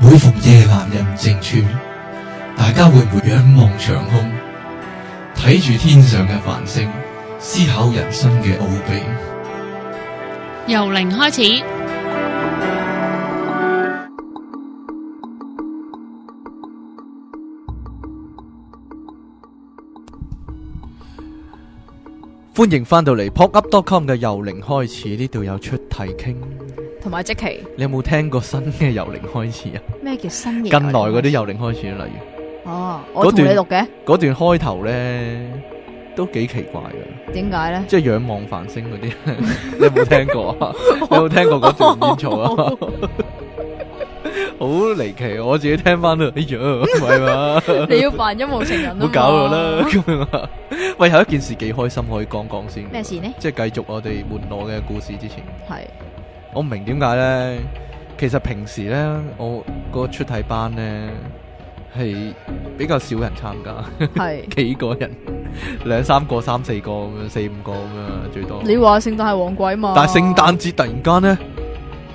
每逢夜闌人靜處，大家會唔會仰望長空，睇住天上嘅繁星，思考人生嘅奧秘？由零開始，歡迎翻到嚟 pop up dot com 嘅由零開始，呢度有出題傾。同埋即期，你有冇聽過新嘅由零開始啊？咩叫新？近來嗰啲由零開始，例如哦，我同你錄嘅嗰段開頭咧，都幾奇怪嘅。點解咧？即係仰望繁星嗰啲，你有冇聽過啊？你有冇聽過嗰段？唔錯啊，好離奇！我自己聽翻都哎呀，唔係嘛？你要扮一無情人？唔好搞我啦！喂，有一件事幾開心，可以講講先。咩事呢？即係繼續我哋門羅嘅故事之前係。我唔明，點解咧？其實平時咧，我個出體班咧係比較少人參加，係是 幾個人，兩三個、三四個咁樣，四五個咁樣，最多。你話聖誕係旺季嘛？但係聖誕節突然間咧，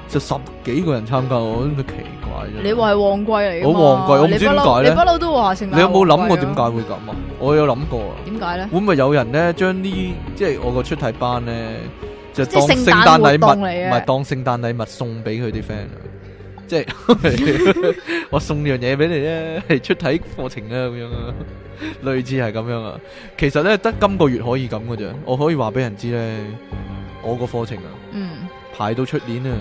就十幾個人參加，我都奇怪。你話係旺季嚟嘅？好旺季，我唔知點解咧。你不嬲都話聖誕，你有冇諗過點解會咁啊？我有諗過啊。點解咧？會唔會有人咧將呢？將呢啲，即係我個出體班咧？就當聖誕禮物唔係當聖誕禮物送俾佢啲 friend 即係我送呢樣嘢俾你咧，係出體課程啦，咁樣啊，類似係咁樣啊。其實咧，得今個月可以咁噶咋，我可以話俾人知咧，我個課程啊，嗯、排到出年啊。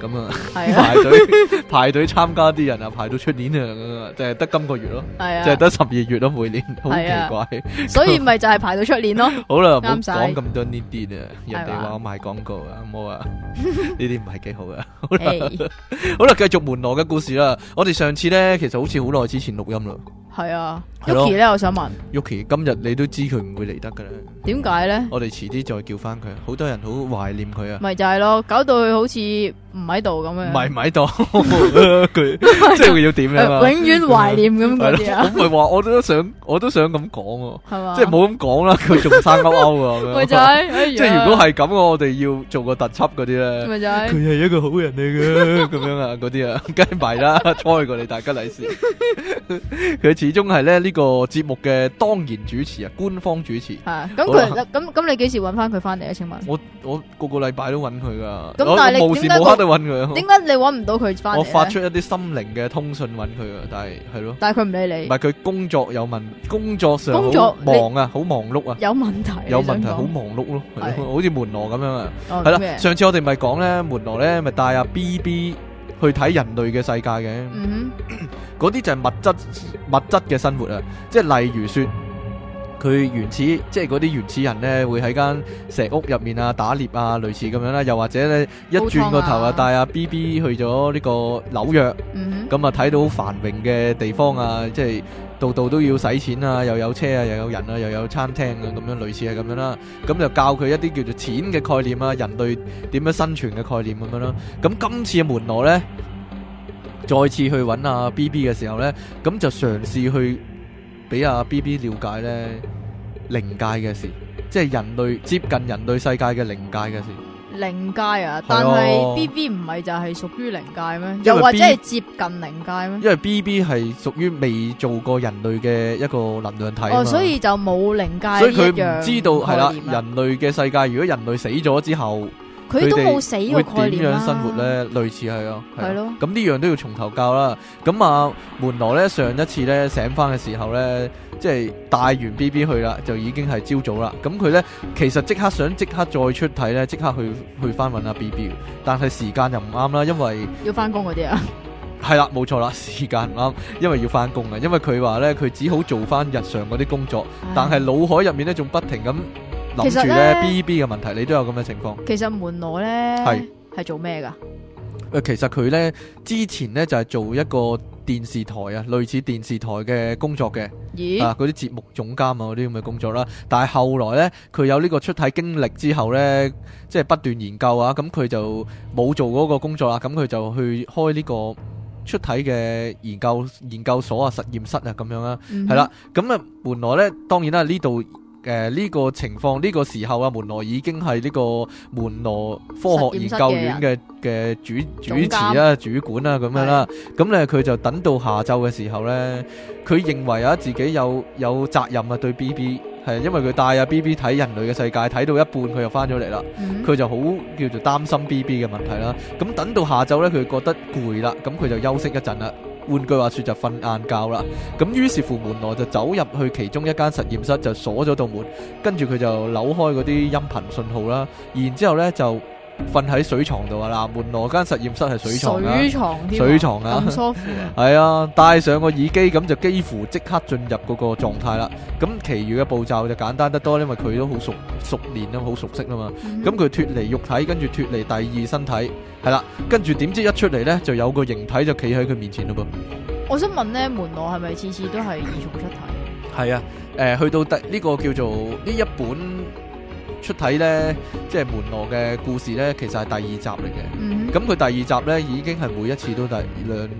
咁啊，排隊排隊參加啲人啊，排到出年啊，就係得今個月咯，就係得十二月咯，每年好奇怪，所以咪就係排到出年咯。好啦，唔好講咁多呢啲啊，人哋話我賣廣告啊，唔好啊，呢啲唔係幾好啊。好啦，好啦，繼續門羅嘅故事啦。我哋上次咧，其實好似好耐之前錄音啦。係啊，Yuki 咧，我想問 Yuki，今日你都知佢唔會嚟得噶啦？點解咧？我哋遲啲再叫翻佢，好多人好懷念佢啊。咪就係咯，搞到佢好似。唔喺度咁樣啊！唔係唔喺度，佢即係要點啊？永遠懷念咁嗰啲啊！唔係話我都想，我都想咁講，係嘛？即係冇咁講啦，佢仲生勾勾啊！咪就係，即係如果係咁，我哋要做個特輯嗰啲咧，咪就係佢係一個好人嚟嘅，咁樣啊，嗰啲啊，梗係唔係啦，猜過你大吉利是。佢始終係咧呢個節目嘅當然主持啊，官方主持。係咁佢咁咁，你幾時揾翻佢翻嚟啊？請問我我個個禮拜都揾佢噶，咁但係你點解？點解你揾唔到佢翻嚟？我發出一啲心靈嘅通訊揾佢啊！但係係咯，但係佢唔理你，唔係佢工作有問工作上工作忙啊，好忙碌啊，有問題，有問題，好忙碌咯，好似門羅咁樣啊！係啦，上次我哋咪講咧，門羅咧咪帶阿 BB 去睇人類嘅世界嘅，嗰啲就係物質物質嘅生活啊！即係例如說。佢原始，即係嗰啲原始人呢，會喺間石屋入面啊，打獵啊，類似咁樣啦。又或者呢，一轉個頭啊，帶阿 B B 去咗呢個紐約，咁啊睇到繁榮嘅地方啊，嗯、哼即係度度都要使錢啊，又有車啊，又有人啊，又有餐廳啊，咁樣類似係咁樣啦。咁就教佢一啲叫做錢嘅概念啊，人類點樣生存嘅概念咁樣啦。咁今次嘅門羅呢，再次去揾阿、啊、B B 嘅時候呢，咁就嘗試去俾阿、啊、B B 了解呢。靈界嘅事，即係人類接近人類世界嘅靈界嘅事。靈界啊，但係 BB 唔係就係屬於靈界咩？又或者係接近靈界咩？因為 BB 係屬於未做過人類嘅一個能量體。哦，所以就冇靈界。所以佢唔知道係啦，人類嘅世界，如果人類死咗之後。佢都冇死，點樣生活咧？啊、類似係咯，係咯。咁呢的樣都要從頭教啦。咁啊，門羅咧上一次咧醒翻嘅時候咧，即係帶完 B B 去啦，就已經係朝早啦。咁佢咧其實即刻想即刻再出體咧，即刻去去翻揾阿 B B，但係時間又唔啱，啊、 啦，因為要翻工嗰啲啊。係啦，冇錯啦，時間唔啱，因為要翻工啊。因為佢話咧，佢只好做翻日常嗰啲工作，唉但係腦海入面咧仲不停咁。其實咧，諗住 B B 嘅問題，你都有咁嘅情況。其實門羅咧係係做咩噶？誒，其實佢咧之前咧就係做一個電視台啊，類似電視台嘅工作嘅。咦？啊，嗰啲節目總監啊，嗰啲咁嘅工作啦。但係後來咧，佢有呢個出體經歷之後咧，即係不斷研究啊。咁佢就冇做嗰個工作啦。咁佢就去開呢個出體嘅研究研究所啊、實驗室啊咁樣啦。係啦，咁啊，門羅咧，當然啦，呢度。誒，呢、呃，這個情況呢、這個時候啊，門羅已經係呢個門羅科學研究院嘅嘅主主持啊、監主管啊咁樣啦。咁咧佢就等到下晝嘅時候呢，佢認為啊自己有有責任啊對 B B 係，因為佢帶啊 B B 睇人類嘅世界睇到一半佢又翻咗嚟啦，佢、嗯、就好叫做擔心 B B 嘅問題啦。咁等到下晝呢，佢覺得攰啦，咁佢就休息一陣啦換句話説，就瞓晏覺啦，咁於是乎門羅就走入去其中一間實驗室，就鎖咗道門，跟住佢就扭開嗰啲音頻信號啦，然之後呢，就。瞓喺水床度啊！嗱，門羅間實驗室係水床，水床添，水床啊，咁舒服啊！係啊，戴上個耳機咁就幾乎即刻進入嗰個狀態啦。咁其餘嘅步驟就簡單得多，因為佢都好熟熟練啊，好熟悉啊嘛。咁佢脫離肉體，跟住脫離第二身體，係啦。跟住點知一出嚟咧，就有個形體就企喺佢面前啦噃。我想問咧，門羅係咪次次都係二重出體？係啊，誒，去到第呢個叫做呢一本，出體咧，即係門羅嘅故事咧，其實係第二集嚟嘅。咁佢、嗯、第二集咧，已經係每一次都第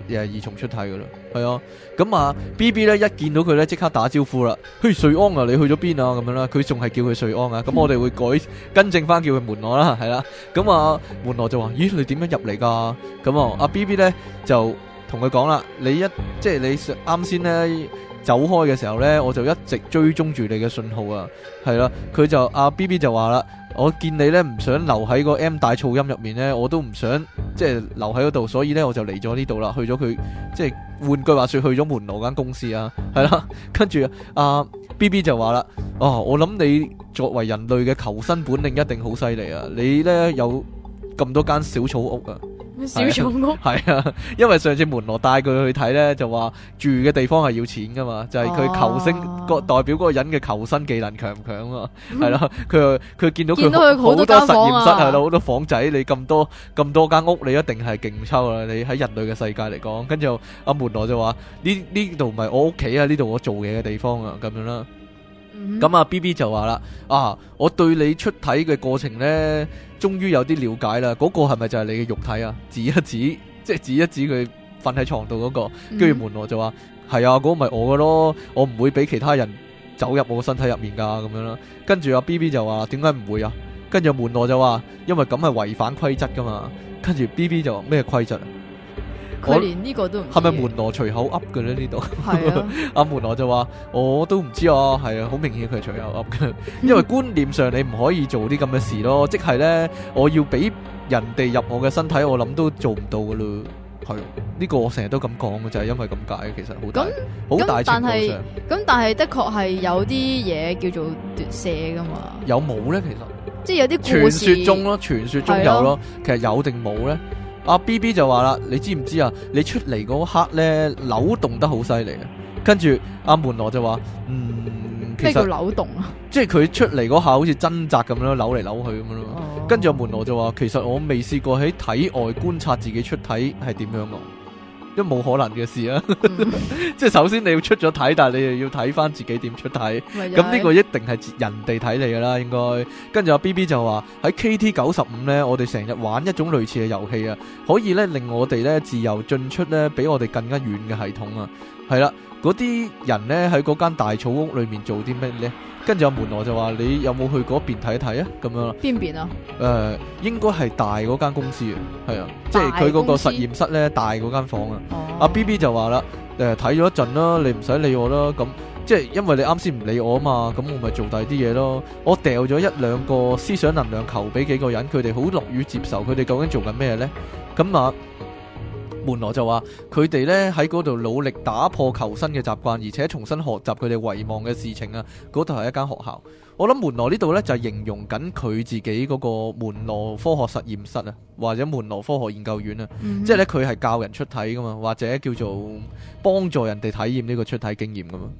兩誒二重出體噶啦。係啊，咁啊 B B 咧一見到佢咧，即刻打招呼啦。嘿，瑞安啊，你去咗邊啊？咁樣啦，佢仲係叫佢瑞安啊。咁、嗯、我哋會改更正翻叫佢門羅啦，係啦、啊。咁啊門羅就話：咦，你點樣入嚟噶？咁啊阿 B B 咧就同佢講啦：你一即係你啱先咧。走開嘅時候呢，我就一直追蹤住你嘅信號啊，係啦，佢就阿 B B 就話啦，我見你呢，唔想留喺個 M 大噪音入面呢，我都唔想即係、就是、留喺嗰度，所以呢，我就嚟咗呢度啦，去咗佢即係換句話說去咗門羅間公司啊，係啦，跟住阿 B B 就話啦，哦，我諗你作為人類嘅求生本領一定好犀利啊，你呢，有咁多間小草屋啊。小草屋係啊，啊，因為上次門羅帶佢去睇咧，就話住嘅地方係要錢噶嘛，就係、是、佢求星個、啊、代表嗰個人嘅求生技能強唔強啊，係啦，佢佢見到佢好多、多實驗室係咯，好房、啊啊、多房仔，你咁多咁多間屋，你一定係勁抽啊！你喺人類嘅世界嚟講，跟住阿門羅就話呢，呢度唔係我屋企啊，呢度我做嘢嘅地方啊，咁樣啦。咁啊，B B 就話啦，啊，我對你出體嘅過程呢，終於有啲了解啦。嗰個係咪就係你嘅肉體啊？指一指，即係指一指佢瞓喺床度嗰個。跟住門羅就話：係啊，嗰個咪我咯，我唔會俾其他人走入我身體入面噶，咁樣啦。跟住阿 B B 就話：點解唔會啊？跟住門羅就話：因為咁係違反規則噶嘛。跟住 B B 就話咩規則？佢連呢個都唔係，咪門羅隨口噏嘅咧？呢度阿門羅就話，我都唔知啊。係啊，好明顯佢隨口噏嘅，因為觀念上你唔可以做啲咁嘅事咯，即係咧，我要俾人哋入我嘅身體，我諗都做唔到噶啦，係呢、啊呢個我成日都咁講嘅，就係、是、因為咁解其實好大好大。但係咁但係的確係有啲嘢叫做奪舍噶嘛，有冇咧？其實即係有啲故事，傳說中咯，傳說中有咯，是啊、其實有定冇咧？阿、啊、B B 就話啦，你知唔知啊？你出嚟嗰刻咧扭動得好犀利啊！跟住阿、啊、門羅就話，嗯，咩叫扭動啊？即係佢出嚟嗰下好似掙扎咁樣扭嚟扭去咁樣咯。哦、跟住阿、啊、門羅就話，其實我未試過喺體外觀察自己出體係點樣咯。」都冇可能嘅事啊。嗯、 即係首先你要出咗睇，但係你又要睇翻自己點出睇，咁呢、嗯、個一定係人哋睇你噶啦應該，應該。跟住阿 B B 就話喺 K T 九十五呢，我哋成日玩一種類似嘅遊戲啊，可以呢令我哋呢自由進出呢，比我哋更加遠嘅系統啊，係啦。嗰啲人咧喺嗰間大草屋裏面做啲咩咧？跟住阿門羅就話：你有冇去嗰邊睇睇啊？咁樣邊邊啊？誒，應該係大嗰間公司啊，係啊，即係佢嗰個實驗室咧，大嗰間房啊。阿 BB 就話啦：誒，睇咗一陣啦，你唔使理我啦。咁即係因為你啱先唔理我啊嘛，咁我咪做第啲嘢咯。我掉咗一兩個思想能量球俾幾個人，佢哋好樂於接受。佢哋究竟做緊咩咧？咁啊。門羅就話佢哋呢喺嗰度努力打破求生嘅習慣，而且重新學習佢哋遺忘嘅事情啊！嗰度係一間學校，我諗門羅呢度呢，就形容緊佢自己嗰個門羅科學實驗室啊，或者門羅科學研究院啊，嗯、哼即係呢，佢係教人出體噶嘛，或者叫做幫助人哋體驗呢個出體經驗噶嘛，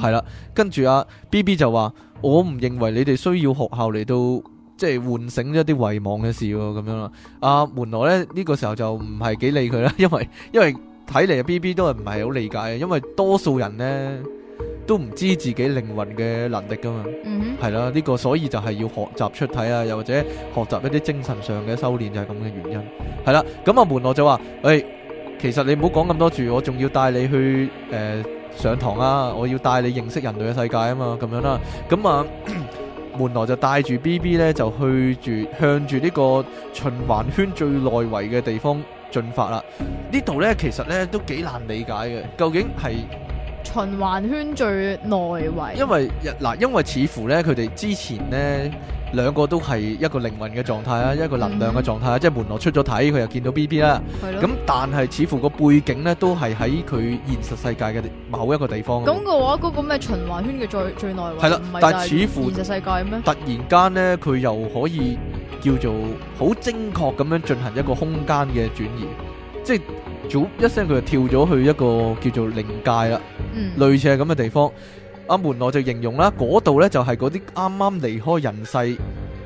係啦、嗯哼。跟住啊 B B 就話：我唔認為你哋需要學校嚟到。即係喚醒咗啲遺忘嘅事喎，咁樣啦。阿、啊、門羅咧呢、這個時候就唔係幾理佢啦，因為因為睇嚟 BB 都係唔係好理解嘅，因為多數人呢，都唔知自己靈魂嘅能力噶嘛，係啦、嗯哼，呢、這個所以就係要學習出體啊，又或者學習一啲精神上嘅修煉就係咁嘅原因。係啦，咁啊門羅就話：誒、欸，其實你唔好講咁多住，我仲要帶你去誒、呃、上堂啊，我要帶你認識人類嘅世界啊嘛，咁樣啦，咁啊。門羅就帶住 B B 咧，就去住向住呢個循環圈最內圍嘅地方進發啦。呢度呢，其實呢都幾難理解嘅，究竟係。循環圈最內圍，因為嗱，因為似乎咧，佢哋之前呢兩個都係一個靈魂嘅狀態啊，嗯、一個能量嘅狀態啊，嗯、哼即係門羅出咗體，佢又見到 B B 啦，咁、嗯、但係似乎個背景呢都係喺佢現實世界嘅某一個地方。咁嘅話，嗰、嗰個咩、嗰個、循環圈嘅最最內圍係啦，但係似乎現實世界咩？突然間呢，佢又可以叫做好精確咁樣進行一個空間嘅轉移。即係 j 一聲，佢就跳咗去一個叫做靈界啦，嗯、類似係咁嘅地方。阿門羅就形容啦，嗰度呢就係嗰啲啱啱離開人世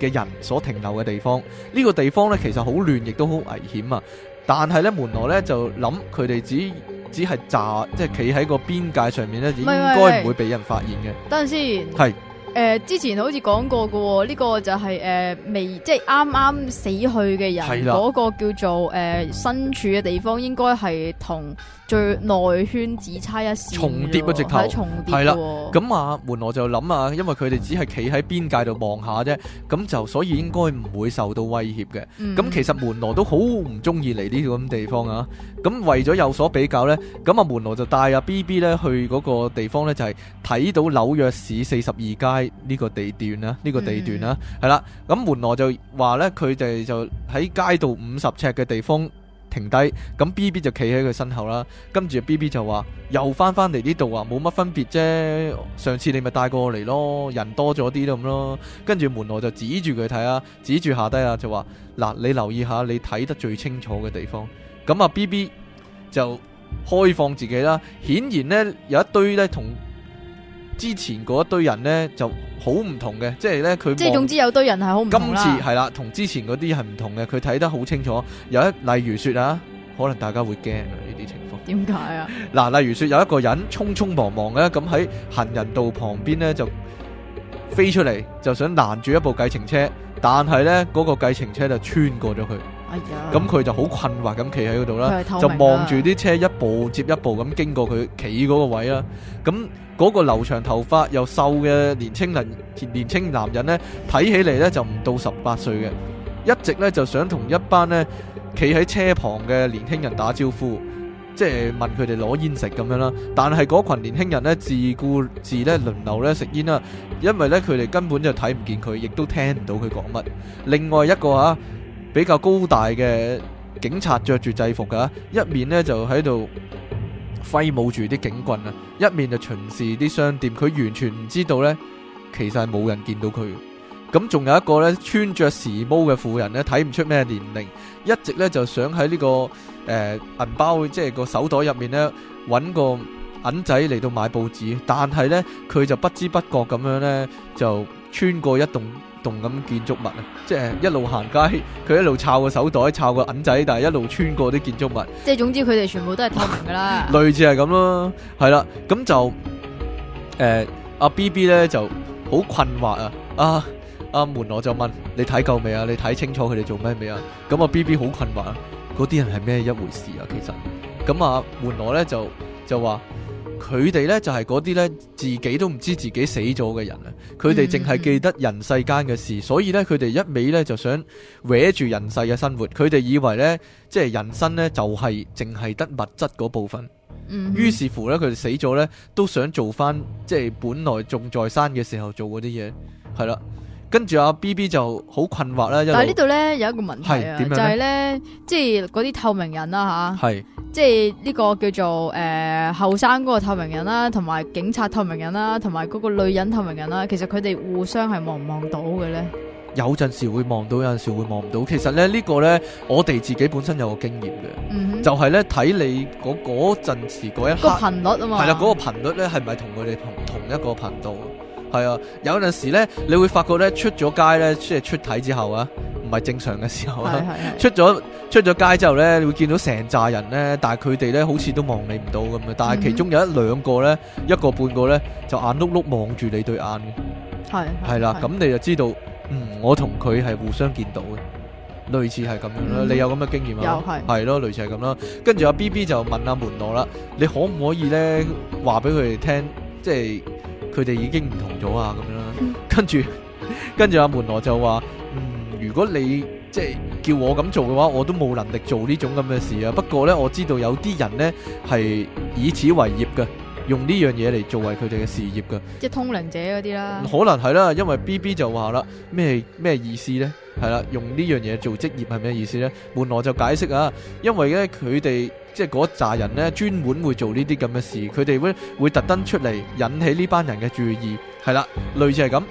嘅人所停留嘅地方。呢、這個地方呢，其實好亂，亦都好危險啊！但係呢，門羅呢就諗，佢哋只只係站，即係企喺個邊界上面呢，應該唔會俾人發現嘅。等陣先。係。誒、呃，之前好似講過喎，呢、這個就係、是、誒、呃、未即係啱啱死去嘅人嗰了個叫做誒、呃、身處嘅地方，應該係同最內圈只差一線重疊嗰、啊、直頭係重疊了，係啦、哦。咁阿門羅就諗啊，因為佢哋只係企喺邊界度望下啫，咁就所以應該唔會受到威脅嘅。咁、嗯、其實門羅都好唔中意嚟呢啲咁地方啊。咁為咗有所比較呢，咁啊門羅就帶阿 B B 呢去嗰個地方呢就係、是、睇到紐約市四十二街呢個地段啦，呢、這個地段啦，係啦、嗯。咁門羅就話呢，佢哋就喺街道五十尺嘅地方停低，咁 B B 就企喺佢身後啦。跟住 B B 就話又翻翻嚟呢度啊，冇乜分別啫。上次你咪帶過嚟咯，人多咗啲咁咯。跟住門羅就指住佢睇啊，指住下低啊，就話嗱，你留意下，你睇得最清楚嘅地方。咁啊，B B 就開放自己啦。顯然呢，有一堆咧同之前嗰一堆人咧就好唔同嘅，即係咧佢即係總之有堆人係好唔同今次係啦，同之前嗰啲係唔同嘅。佢睇得好清楚，有一例如說啊，可能大家會驚呢啲情況。點解啊？嗱， 例如說有一個人匆匆忙忙嘅，咁喺行人道旁邊咧就飛出嚟，就想攔住一部計程車，但係咧嗰個計程車就穿過咗佢。咁佢、哎、就好困惑咁企喺嗰度啦，就望住啲車一步接一步咁經過佢企嗰個位啦。咁嗰個留長頭髮又瘦嘅年青人年青男人呢，睇起嚟呢就唔到十八歲嘅，一直呢就想同一班呢企喺車旁嘅年輕人打招呼，即係問佢哋攞煙食咁樣啦。但係嗰群年輕人呢，自顧自呢輪流呢食煙啦，因為呢，佢哋根本就睇唔見佢，亦都聽唔到佢講乜。另外一個吓、啊。比較高大嘅警察着住制服㗎，一面呢就喺度揮舞住啲警棍啊，一面就巡視啲商店。佢完全唔知道呢，其實係冇人見到佢。咁仲有一個呢，穿着時髦嘅婦人呢，睇唔出咩年齡，一直呢就想喺呢、這個誒銀、呃、包，即係個手袋入面呢，揾個銀仔嚟到買報紙。但係呢，佢就不知不覺咁樣呢，就穿過一棟。動咁建築物啊，即係一路行街，佢一路抄個手袋，抄個銀仔，但係一路穿過啲建築物。即係總之佢哋全部都係透明噶啦，類似係咁咯，係啦，咁就誒阿、欸啊、B B 咧就好困惑啊，阿、啊、阿、啊、門羅就問，你睇夠未啊，你睇清楚佢哋做咩未啊？咁啊 B B 好困惑，嗰啲人係咩一回事啊？其實，咁啊門羅咧就就話。佢哋呢就係嗰啲呢，自己都唔知自己死咗嘅人啊！佢哋淨係記得人世間嘅事，mm hmm. 所以呢，佢哋一味呢就想搵住人世嘅生活。佢哋以為呢，即係人生呢，就係淨係得物質嗰部分。嗯、mm。hmm. 於是乎呢，佢哋死咗呢，都想做翻即係本來仲在生嘅時候做嗰啲嘢，係啦。跟住阿 B B 就好困惑啦，但係呢度咧有一個問題啊，就係咧即係嗰啲透明人啦吓，即係呢個叫做誒後生嗰個透明人啦，同埋警察透明人啦，同埋嗰個女人透明人啦，其實佢哋互相係望唔望到嘅咧？有陣時會望到，有陣時會望唔到。其實咧呢、這個咧，我哋自己本身有個經驗嘅，嗯、哼就係咧睇你嗰嗰陣時嗰一刻頻率啊嘛，係啦嗰個頻率咧係咪同佢哋同同一個頻道？係啊，有陣時咧，你會發覺咧，出咗街咧，即係出體之後啊，唔係正常嘅時候啊，是是是出咗出咗街之後咧，你會見到成扎人咧，但係佢哋咧，好似都望你唔到咁樣，但係其中有一兩個咧，嗯、一個半個咧，就眼碌碌望住你對眼嘅，係係是啦，咁你就知道，是是嗯，我同佢係互相見到嘅，類似係咁樣啦，嗯、你有咁嘅經驗啊，有係咯，類似係咁啦，跟住阿 B B 就問阿門羅啦，你可唔可以咧，話俾佢哋聽，即係。佢哋已經唔同咗 啊，咁樣，跟住跟住阿門羅就話：嗯，如果你即係、就是、叫我咁做嘅話，我都冇能力做呢種咁嘅事啊。不過咧，我知道有啲人咧係以此為業嘅，用呢樣嘢嚟作為佢哋嘅事業嘅，即係通靈者嗰啲啦。可能係啦，因為 B B 就話啦，咩咩意思咧？係啦，用呢樣嘢做職業係咩意思咧？門羅就解釋啊，因為咧佢哋。即係嗰扎人咧，專門會做呢啲咁嘅事，佢哋會會特登出嚟引起呢班人嘅注意，係啦，類似係咁。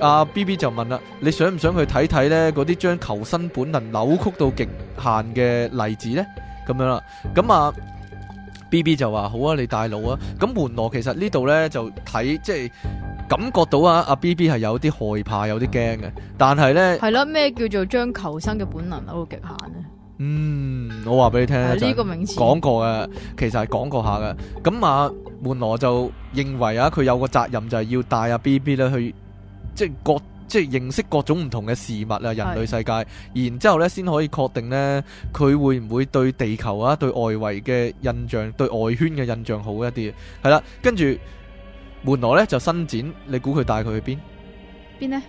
阿、啊、B B 就問啦，你想唔想去睇睇咧嗰啲將求生本能扭曲到極限嘅例子咧？咁樣啦，咁啊 B B 就話，好啊，你帶路啊。咁門羅，其實呢度咧就睇，即係感覺到啊，阿 B B 係有啲害怕，有啲驚嘅。但係咧，係啦，咩叫做將求生嘅本能扭曲到極限咧？嗯，我話俾你聽講、啊、過嘅，啊這個、其實係講過一下嘅。咁啊，門羅就認為啊，佢有個責任就係要帶啊 B B 咧去，即係各即係認識各種唔同嘅事物啊，人類世界，是然之後呢先可以確定咧，佢會唔會對地球啊對外圍嘅印象對外圈嘅印象好一啲。係啦，跟住門羅呢就伸展，你估佢帶佢去邊？邊呢？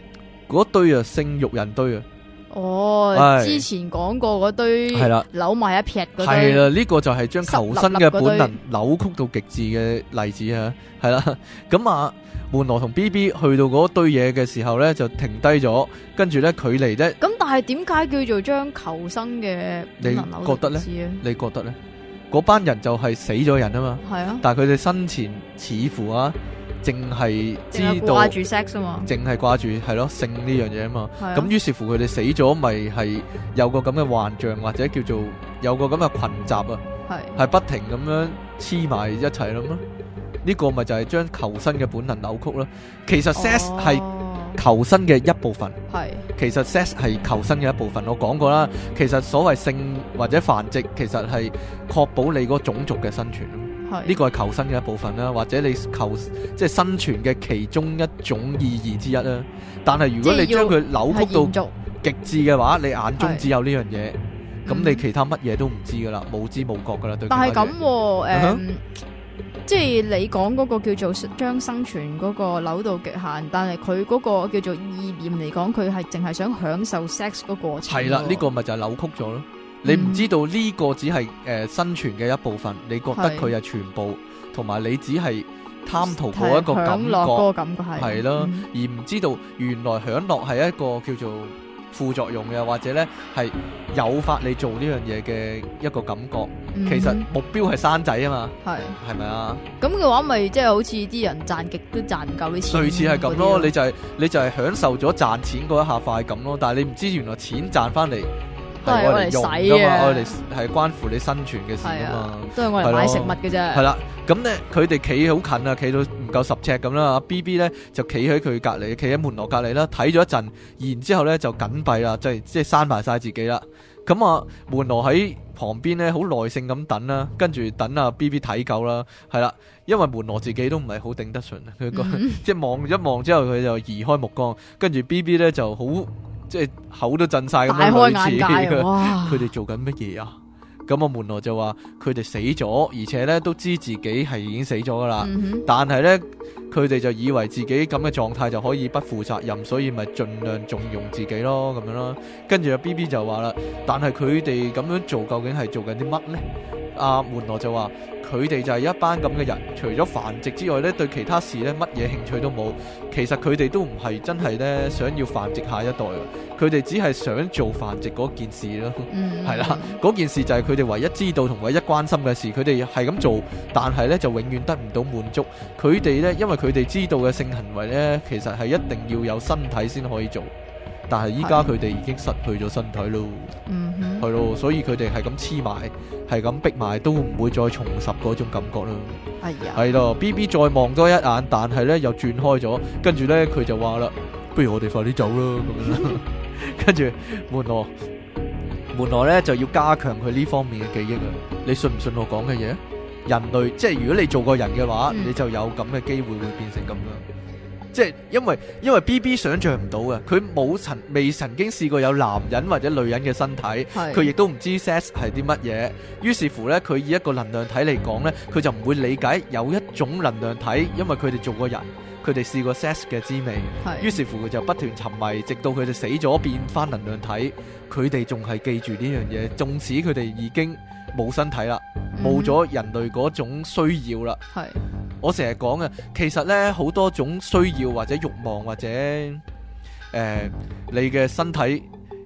嗰堆啊，性欲人堆啊！哦，是之前講過嗰堆係啦，扭埋一撇嗰堆係啦，呢、這個就係將求生嘅本能扭曲到極致嘅例子啊，係啦，咁啊、嗯，門羅同 B B 去到嗰堆嘢嘅時候咧，就停低咗，跟住咧佢哋咧咁，但係點解叫做將求生嘅本能扭曲咧？你覺得咧？嗰班人就係死咗人啊嘛，係啊的，但係佢哋生前似乎啊。淨係知道掛住 sex 啊嘛，淨係掛住係咯性呢樣嘢啊嘛，咁於是乎佢哋死咗咪係有個咁嘅幻象，或者叫做有個咁嘅群集啊，係係不停咁樣黐埋一齊咯，呢個咪就係將求生嘅本能扭曲咯。其實 sex 係求生嘅一部分，係，其實 sex 係求生嘅一部分。我講過啦，其實所謂性或者繁殖，其實係確保你個種族嘅生存。呢個係求生嘅一部分啦，或者你求即係生存嘅其中一種意義之一啦。但係如果你將佢扭曲到極致嘅話，你眼中只有呢樣嘢，咁你其他乜嘢都唔知噶啦，嗯、無知無覺噶啦。對這但係咁，啊，誒、uh huh? 嗯，即係你講嗰個叫做將生存嗰個扭到極限，但係佢嗰個叫做意念嚟講，佢係淨係想享受 sex 個過程。係啦，呢、呢個咪就係扭曲咗咯。你唔知道呢個只係誒生存嘅一部分，嗯、你覺得佢係全部，同埋是你只係貪圖嗰一個感覺，感覺係，係咯，了嗯、而唔知道原來享樂係一個叫做副作用嘅，或者咧係誘發你做呢樣嘢嘅一個感覺。嗯、哼其實目標係生仔啊嘛，係係咪啊？咁嘅話咪即係好似啲人賺極都賺唔夠啲錢對是這樣，類似係咁咯。你就係你就係享受咗賺錢嗰一下快感咯，但係你唔知原來錢賺翻嚟，都係我嚟使嘅，我嚟係關乎你生存嘅事啊嘛，啊都係我嚟買食物嘅啫。係啦，咁咧佢哋企好近啊，企到唔夠十尺咁啦。B B 咧就企喺佢隔籬，企喺門羅隔籬啦，睇咗一陣，然之後咧就緊閉啦，即係即係閂埋晒自己啦。咁啊，門羅喺旁邊咧好耐性咁等啦，跟住等啊 B B 睇夠啦，係啦，因為門羅自己都唔係好頂得順，佢、嗯、即係望一望之後佢就移開目光，跟住 B B 咧就好。即係口都震晒咁樣，大開眼界。佢哋開始做緊乜嘢啊？咁啊門羅就話：佢哋死咗，而且咧都知自己係已經死咗噶啦。嗯、哼但係咧。佢哋就以為自己咁嘅狀態就可以不負責任，所以咪盡量縱容自己咯，咁樣咯。跟住阿 B B 就話啦，但係佢哋咁樣做究竟係做緊啲乜呢？啊」阿門羅就話：佢哋就係一班咁嘅人，除咗繁殖之外呢，對其他事呢乜嘢興趣都冇。其實佢哋都唔係真係呢想要繁殖下一代，佢哋只係想做繁殖嗰件事咯。係啦、嗯，嗰 件事就係佢哋唯一知道同唯一關心嘅事。佢哋係咁做，但係呢就永遠得唔到滿足。佢哋呢，因為。佢哋知道嘅性行為呢，其實係一定要有身體先可以做，但係依家佢哋已經失去咗身體咯，係、嗯、哼咯，所以佢哋係咁黐埋，係咁逼埋，都唔會再重拾嗰種感覺咯。係啊、哎呀，咯，B B 再望多一眼，但係呢又轉開咗，跟住呢，佢就話啦：不如我哋快啲走啦咁 樣。跟住門羅，門羅呢，就要加強佢呢方面嘅記憶啦。你信唔信我講嘅嘢？人類即係如果你做過人嘅話，你就有咁嘅機會會變成咁樣。嗯，即係因為因為 B B 想象唔到嘅，佢冇曾未曾經試過有男人或者女人嘅身體，佢亦都唔知 sex 係啲乜嘢。於是乎咧，佢以一個能量體嚟講咧，佢就唔會理解有一種能量體，因為佢哋做過人，佢哋試過 sex 嘅滋味。是於是乎佢就不斷沉迷，直到佢哋死咗變翻能量體，佢哋仲係記住呢樣嘢，縱使佢哋已經冇身體啦。冇咗人類嗰種需要啦。係，我成日講嘅，其實呢好多種需要或者慾望或者誒你嘅身體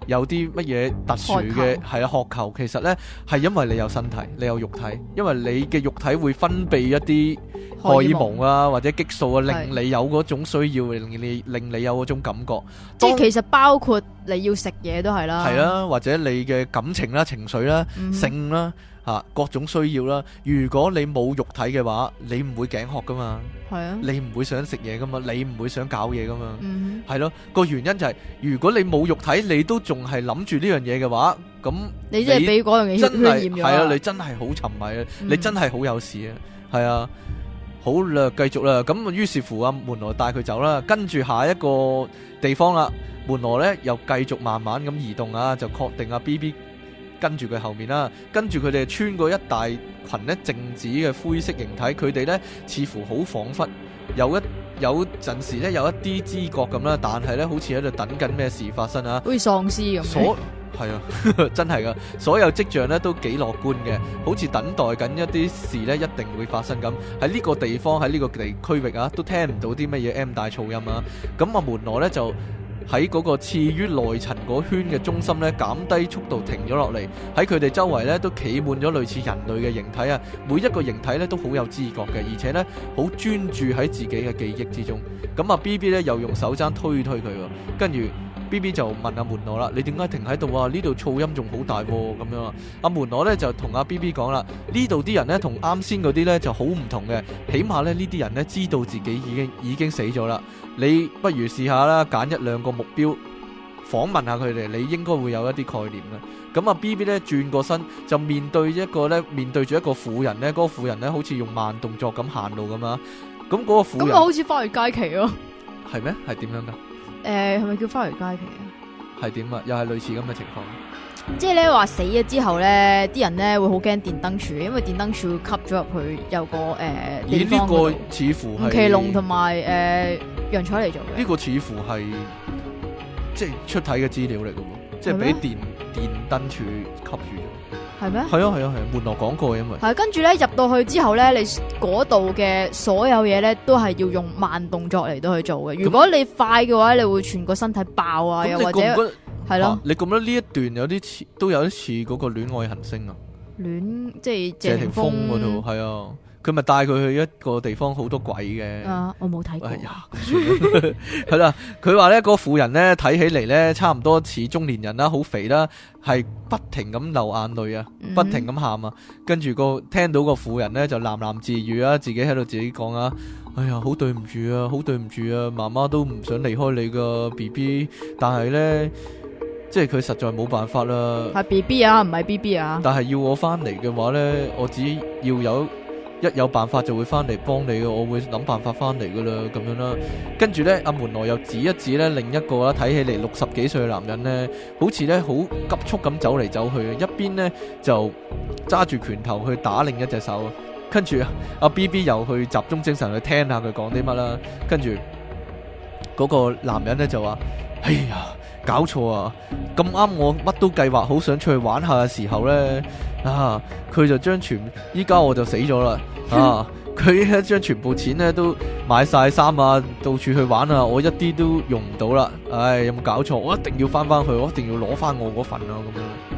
有啲乜嘢特殊嘅係啊渴求，其實呢係因為你有身體，你有肉體，因為你嘅肉體會分泌一啲荷爾蒙啊或者激素啊，令你有嗰種需要，令你令你有嗰種感覺。即係其實包括你要食嘢都係啦，係啦，或者你嘅感情啦、情緒啦、性啦。吓，各種需要啦。如果你冇肉體嘅話，你唔會頸渴㗎嘛。係啊，你唔會想食嘢㗎嘛，你唔會想搞嘢㗎嘛。係咯、嗯哼，個原因就係、是、如果你冇肉體，你都仲係諗住呢樣嘢嘅話，咁你,你畀嗰樣嘢真係係啊！你真係好沉迷啊！嗯、哼你真係好有事啊！係啊，好啦，繼續啦。咁於是乎羅帶，阿門羅帶佢走啦，跟住下一個地方啦。門羅咧又繼續慢慢咁移動啊，就確定啊 B B。跟住佢後面啦，跟住佢哋穿過一大群呢靜止嘅灰色形體，佢哋呢，似乎好恍惚，有一有陣時呢有一啲知覺咁啦，但係呢，好似喺度等緊咩事發生啊，好似喪屍咁。所係啊，真係噶，所有跡象呢都幾樂觀嘅，好似等待緊一啲事呢一定會發生咁。喺呢個地方，喺呢個地區域啊，都聽唔到啲乜嘢 M 大噪音啊。咁啊，門羅呢就。喺嗰個次於內層嗰圈嘅中心咧，減低速度停咗落嚟，喺佢哋周圍咧都企滿咗類似人類嘅形體啊！每一個形體咧都好有知覺嘅，而且咧好專注喺自己嘅記憶之中。咁啊，BB 咧又用手踭推推佢喎，跟住。B B 就問阿門羅啦，你點解停喺度啊？呢度噪音仲好大噉樣啊！阿門羅咧就同阿 B B 講啦，呢度啲人咧同啱先嗰啲咧就好唔同嘅，起碼咧呢啲人咧知道自己已經已經死咗啦。你不如試下啦，揀一兩個目標訪問下佢哋，你應該會有一啲概念啦。咁阿 B B 咧轉個身就面對一個咧，面對住一個婦人咧，嗰、那個婦人咧好似用慢動作咁行路咁啊。咁嗰個婦人咁啊，好似返完假期咯。係咩？係點樣噶？誒，係咪、呃、叫花如佳期啊？係點啊？又係類似咁嘅情況，即係咧話死咗之後咧，啲人咧會好驚電燈柱，因為電燈柱吸咗入去有個誒地方咦？呢、呃欸、個似乎係吳奇隆同埋誒楊采妮做嘅。呢個似乎係即係出體嘅資料嚟噶喎，即係俾電嗎電燈柱吸住咗。係咩？係啊，係啊，係，換落廣告因為、啊。係跟住咧入到去之後咧，你嗰度嘅所有嘢咧，都係要用慢動作嚟到去做嘅。如果你快嘅話，你會全個身體爆啊，嗯、又或者係咯、啊啊。你覺得呢一段有啲似，都有啲似嗰個戀愛行星啊。戀，即係謝霆鋒嗰度，係啊。佢咪帶佢去一個地方，好多鬼嘅。啊，我冇睇過。哎呀，算啦。係啦，佢話咧，個婦人咧睇起嚟咧，差唔多似中年人啦，好肥啦，係不停咁流眼淚啊，不停咁喊啊。跟住個聽到個婦人咧，就喃喃自語啊，自己喺度自己講啊。哎呀，好對唔住啊，好對唔住啊，媽媽都唔想離開你㗎 B B，但係咧，即係佢實在冇辦法啦。係 B B 啊，唔係 B B 啊。但係要我翻嚟嘅話咧，我只要有。一有辦法就會翻嚟幫你嘅，我會諗辦法翻嚟嘅啦，咁樣啦。跟住呢，阿門羅又指一指呢，另一個啦，睇起嚟六十幾歲嘅男人呢，好似呢，好急速咁走嚟走去，一邊呢，就揸住拳頭去打另一隻手。跟住阿、啊、B B 又去集中精神去聽下佢講啲乜啦。跟住嗰個男人呢，就話：哎呀！搞錯啊！咁啱我乜都計劃好，想出去玩下嘅時候呢，啊，佢就將全依家我就死咗啦！啊，佢一將全部錢呢都買晒衫啊，到處去玩啊，我一啲都用唔到啦！唉、哎，有冇搞錯？我一定要翻翻去，我一定要攞翻我嗰份啊。咁樣。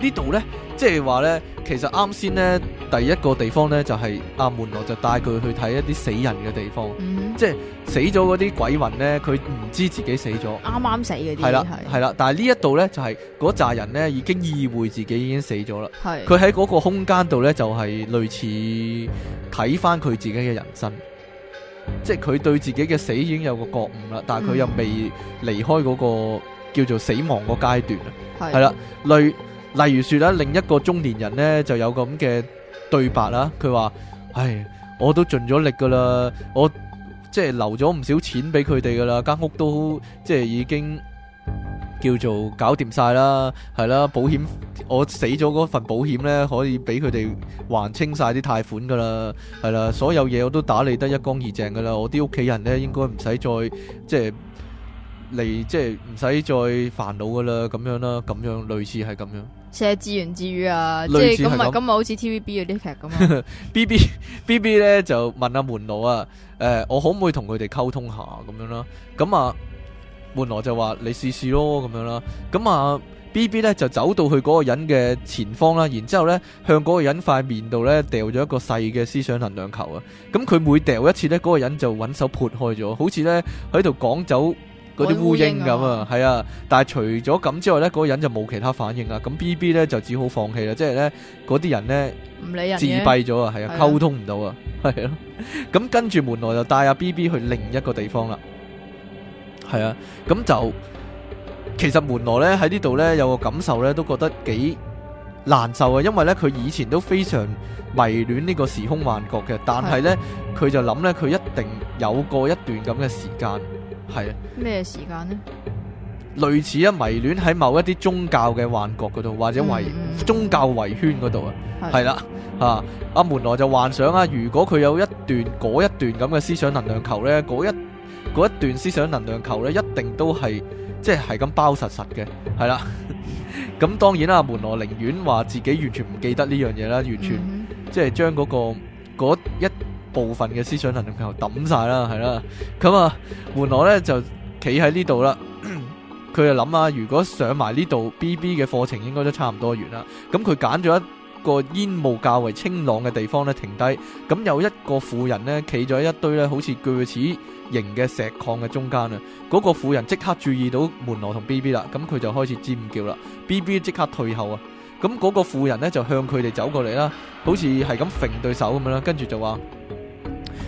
呢度呢，即係話呢，其實啱先呢，第一個地方呢，就係、是、阿門羅就帶佢去睇一啲死人嘅地方，嗯、即係死咗嗰啲鬼魂呢，佢唔知自己死咗，啱啱死嘅係啦，係啦。但係呢一度呢，就係嗰扎人呢，已經意會自己已經死咗啦，佢喺嗰個空間度呢，就係、是、類似睇翻佢自己嘅人生，即係佢對自己嘅死已經有個覺悟啦，但係佢又未離開嗰個叫做死亡個階段啊，係啦，類。例如說啦，另一個中年人咧就有個咁嘅對白啦，佢話：唉，我都盡咗力噶啦，我即係留咗唔少錢俾佢哋噶啦，間屋都即係已經叫做搞掂晒啦，係啦，保險我死咗嗰份保險咧可以俾佢哋還清晒啲貸款噶啦，係啦，所有嘢我都打理得一乾二淨噶啦，我啲屋企人咧應該唔使再即係嚟即係唔使再煩惱噶啦，咁樣啦，咁樣類似係咁樣。成日自言自語啊，即係咁咪咁咪好似 TVB 嗰啲劇咁啊！B B B B 咧就問阿、啊、門羅啊，誒、呃，我可唔可以同佢哋溝通下咁樣啦？咁啊，門羅就話你試試咯咁樣啦。咁啊，B B 咧就走到去嗰個人嘅前方啦，然之後咧向嗰個人塊面度咧掉咗一個細嘅思想能量球啊。咁佢每掉一次咧，嗰、那個人就搵手潑開咗，好似咧喺度趕走。嗰啲烏蠅咁啊，係啊，但係除咗咁之外呢，嗰個人就冇其他反應啦。咁 B B 呢就只好放棄啦，即係呢嗰啲人呢，自閉咗啊，係啊，溝通唔到啊，係啊。咁跟住門羅就帶阿 B B 去另一個地方啦。係啊，咁就其實門羅呢喺呢度呢有個感受呢，都覺得幾難受啊，因為呢佢以前都非常迷戀呢個時空幻覺嘅，但係呢佢就諗呢佢一定有過一段咁嘅時間。係啊，咩時間呢？類似一、啊、迷戀喺某一啲宗教嘅幻覺嗰度，或者圍、嗯、宗教圍圈嗰度啊，係啦、啊，吓阿、啊、門羅就幻想啊，如果佢有一段嗰一段咁嘅思想能量球咧，嗰一一段思想能量球咧，一定都係即係咁包實實嘅，係啦、啊。咁 當然啦、啊，阿門羅寧願話自己完全唔記得呢樣嘢啦，完全、嗯、哼即係將嗰個嗰一。部分嘅思想能力就抌晒啦，係啦，咁啊，門羅咧就企喺呢度啦，佢就諗啊，如果上埋呢度 B B 嘅課程，應該都差唔多完啦。咁佢揀咗一個煙霧較為清朗嘅地方咧停低，咁有一個婦人咧企咗一堆咧好似鋸齒形嘅石礦嘅中間啊，嗰個婦人即刻注意到門羅同 B B 啦，咁佢就開始尖叫啦，B B 即刻退後啊，咁嗰個婦人咧就向佢哋走過嚟啦，好似係咁揈對手咁樣啦，跟住就話。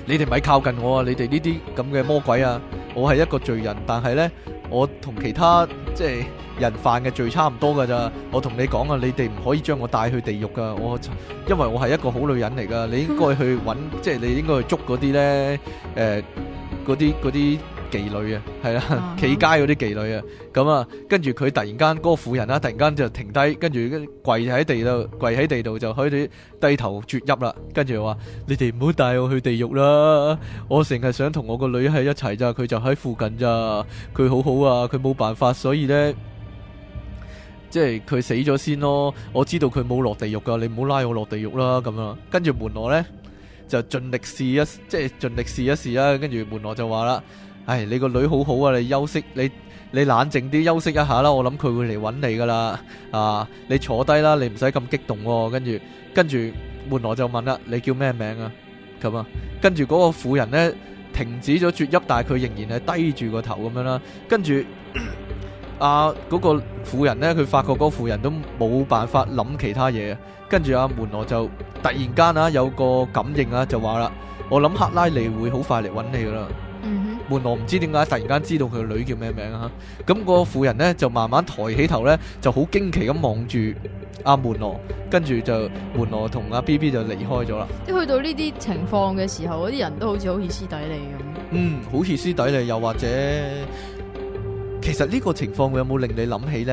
你哋咪靠近我啊！你哋呢啲咁嘅魔鬼啊！我係一個罪人，但係呢，我同其他即係人犯嘅罪差唔多噶咋。我同你講啊，你哋唔可以將我帶去地獄噶！我因為我係一個好女人嚟噶，你應該去揾即係你應該去捉嗰啲呢，誒嗰啲嗰啲。妓女,、嗯、妓女啊，係啦，企街嗰啲妓女啊，咁啊，跟住佢突然間嗰、嗰個婦人啦，突然間就停低，跟住跪喺地度，跪喺地度就開始低頭啜泣啦。跟住話：你哋唔好帶我去地獄啦，我成日想同我個女喺一齊咋，佢就喺附近咋，佢好好啊，佢冇辦法，所以呢，即係佢死咗先咯。我知道佢冇落地獄噶，你唔好拉我落地獄啦。咁啊，跟住門羅呢，就盡力試一試，即係盡力試一試啦。跟住門羅就話啦。唉，你個女好好啊！你休息，你你冷靜啲休息一下啦。我諗佢會嚟揾你噶啦，啊！你坐低啦，你唔使咁激動、啊。跟住，跟住門羅就問啦：你叫咩名啊？咁啊？跟住嗰個婦人呢，停止咗啜泣，但係佢仍然係低住個頭咁樣啦。跟住， 啊嗰、嗰個婦人呢，佢發覺嗰個婦人都冇辦法諗其他嘢。跟住阿、啊、門羅就突然間啊，有個感應啊，就話啦：我諗克拉尼會好快嚟揾你噶啦。門羅唔知點解突然間知道佢女叫咩名啊？噉個婦人呢就慢慢抬起頭呢，就好驚奇咁望住阿門羅，跟住就門羅同阿 B B 就離開咗啦。即係去到呢啲情況嘅時候，嗰啲人都好似好似歇斯底里咁。嗯，好似歇斯底里又或者，其實呢個情況會有冇令你諗起呢？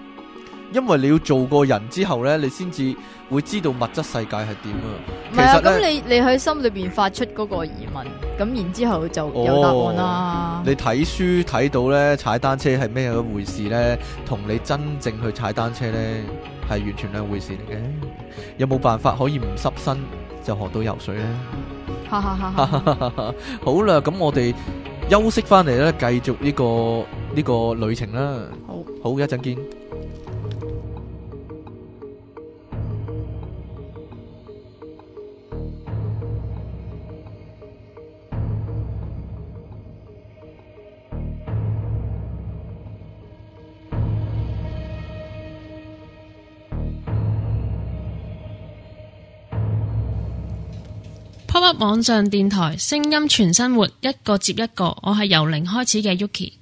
因為你要做過人之後呢，你先至會知道物質世界係點啊。唔係啊，咁你你喺心裏邊發出嗰個疑問，咁然之後就有答案啦，哦。你睇書睇到呢，踩單車係咩一回事呢？同你真正去踩單車呢係完全兩回事嚟嘅，哎。有冇辦法可以唔濕身就學到游水呢？哈哈哈， 好，好啦，咁我哋休息翻嚟呢，繼續呢、呢個呢、呢個旅程啦。好好，一陣見。網上電台聲音全生活，一個接一個。我係由零開始嘅 Yuki，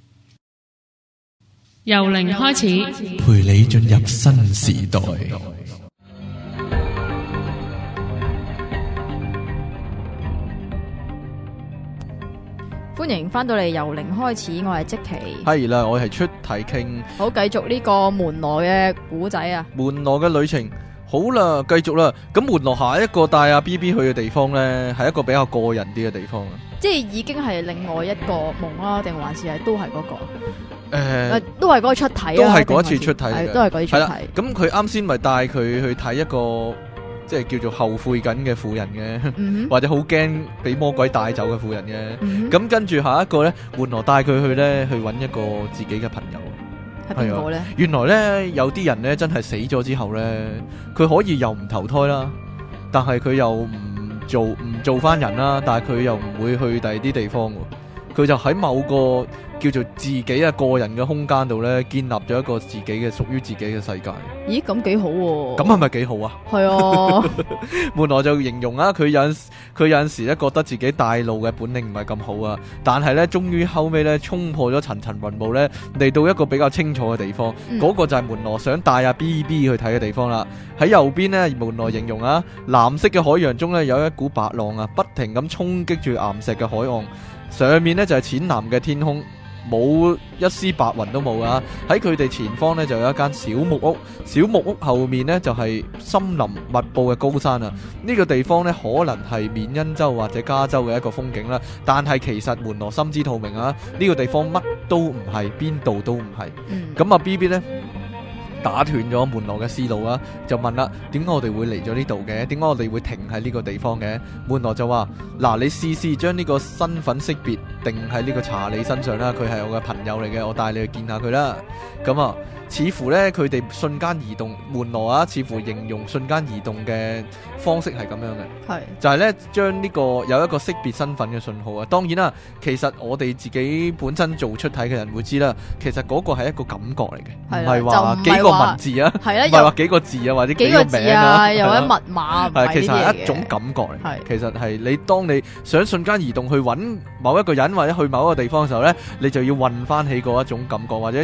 由零開始陪你進入新時代。時代歡迎翻到嚟由零開始，我係即期。係 啦，我係出體傾。好，繼續呢個門羅嘅故仔啊，門羅嘅旅程。好啦，繼續啦。咁門羅下一個帶阿 B B 去嘅地方咧，係一個比較過人啲嘅地方啊。即係已經係另外一個夢啦，定還是係都係嗰個？誒、欸啊，都係嗰個出體，都係嗰一次出體嘅，都係嗰啲出體。係啦，咁佢啱先咪帶佢去睇一個即係叫做後悔緊嘅婦人嘅，mm hmm. 或者好驚俾魔鬼帶走嘅婦人嘅。咁、mm hmm. 跟住下一個咧，門羅帶佢去咧去揾一個自己嘅朋友。係啊，原來咧有啲人咧真係死咗之後咧，佢可以又唔投胎啦，但係佢又唔做唔做翻人啦，但係佢又唔會去第二啲地方喎。佢就喺某個叫做自己啊個人嘅空間度呢建立咗一個自己嘅屬於自己嘅世界。咦，咁幾好？咁係咪幾好啊？係啊。啊 門羅就形容啊，佢有佢有陣時咧覺得自己帶路嘅本領唔係咁好啊，但係呢，終於後尾呢，衝破咗層層雲霧呢嚟到一個比較清楚嘅地方。嗰、嗯、個就係門羅想帶阿 B B 去睇嘅地方啦。喺右邊呢，門羅形容啊，藍色嘅海洋中呢，有一股白浪啊，不停咁衝擊住岩石嘅海岸。上面呢就係、是、淺藍嘅天空，冇一絲白雲都冇啊！喺佢哋前方呢，就有一間小木屋，小木屋後面呢，就係、是、森林密布嘅高山啊！呢、這個地方呢，可能係緬因州或者加州嘅一個風景啦，但係其實門羅心知肚明啊！呢、這個地方乜都唔係，邊度都唔係。咁啊 B B 呢。打斷咗門羅嘅思路啊，就問啦：點解我哋會嚟咗呢度嘅？點解我哋會停喺呢個地方嘅？門羅就話：嗱，你試試將呢個身份識別定喺呢個查理身上啦，佢係我嘅朋友嚟嘅，我帶你去見下佢啦。咁啊。似乎咧，佢哋瞬間移動門羅啊！似乎形容瞬間移動嘅方式係咁樣嘅，的就係咧將呢個有一個識別身份嘅信號啊。當然啦，其實我哋自己本身做出體嘅人會知啦，其實嗰個係一個感覺嚟嘅，唔係話幾個文字啊，唔係話幾個字啊，或者幾個名啊，有一密碼其實係一種感覺嚟。的其實係你當你想瞬間移動去揾某一個人或者去某一個地方嘅時候咧，你就要運翻起嗰一種感覺或者。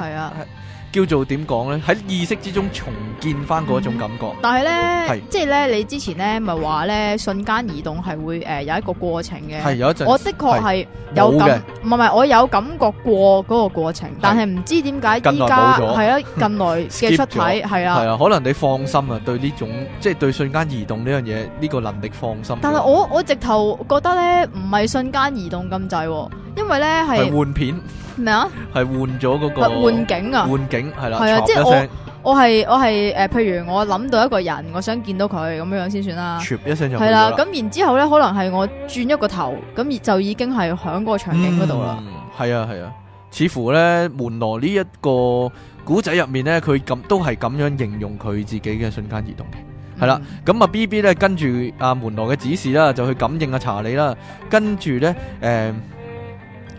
叫做點講咧？喺意識之中重建翻嗰種感覺。嗯、但係咧，是即係咧，你之前咧咪話咧瞬間移動係會誒有一個過程嘅。有一陣我的確係有感，唔係我有感覺過嗰個過程，是但係唔知點解依家係啊，近來嘅出體係 了啊。係啊，可能你放心啊，對呢種即係對瞬間移動呢樣嘢呢個能力放心。但係我我直頭覺得咧唔係瞬間移動咁滯，因為咧係換片。咩啊？係換咗嗰個換境啊！換景。係啦，係啊，即係我係我係誒，譬、呃、如我諗到一個人，我想見到佢咁樣樣先算啦。一聲就係啦，咁、啊、然之後咧，可能係我轉一個頭，咁而就已經係響個場景嗰度啦。係、嗯、啊係啊，啊，似乎咧門羅呢一個古仔入面咧，佢咁都係咁樣形容佢自己嘅瞬間移動嘅。係啦、嗯，咁啊 B B 咧跟住阿門羅嘅指示啦，就去感應阿查理啦，跟住咧誒。呃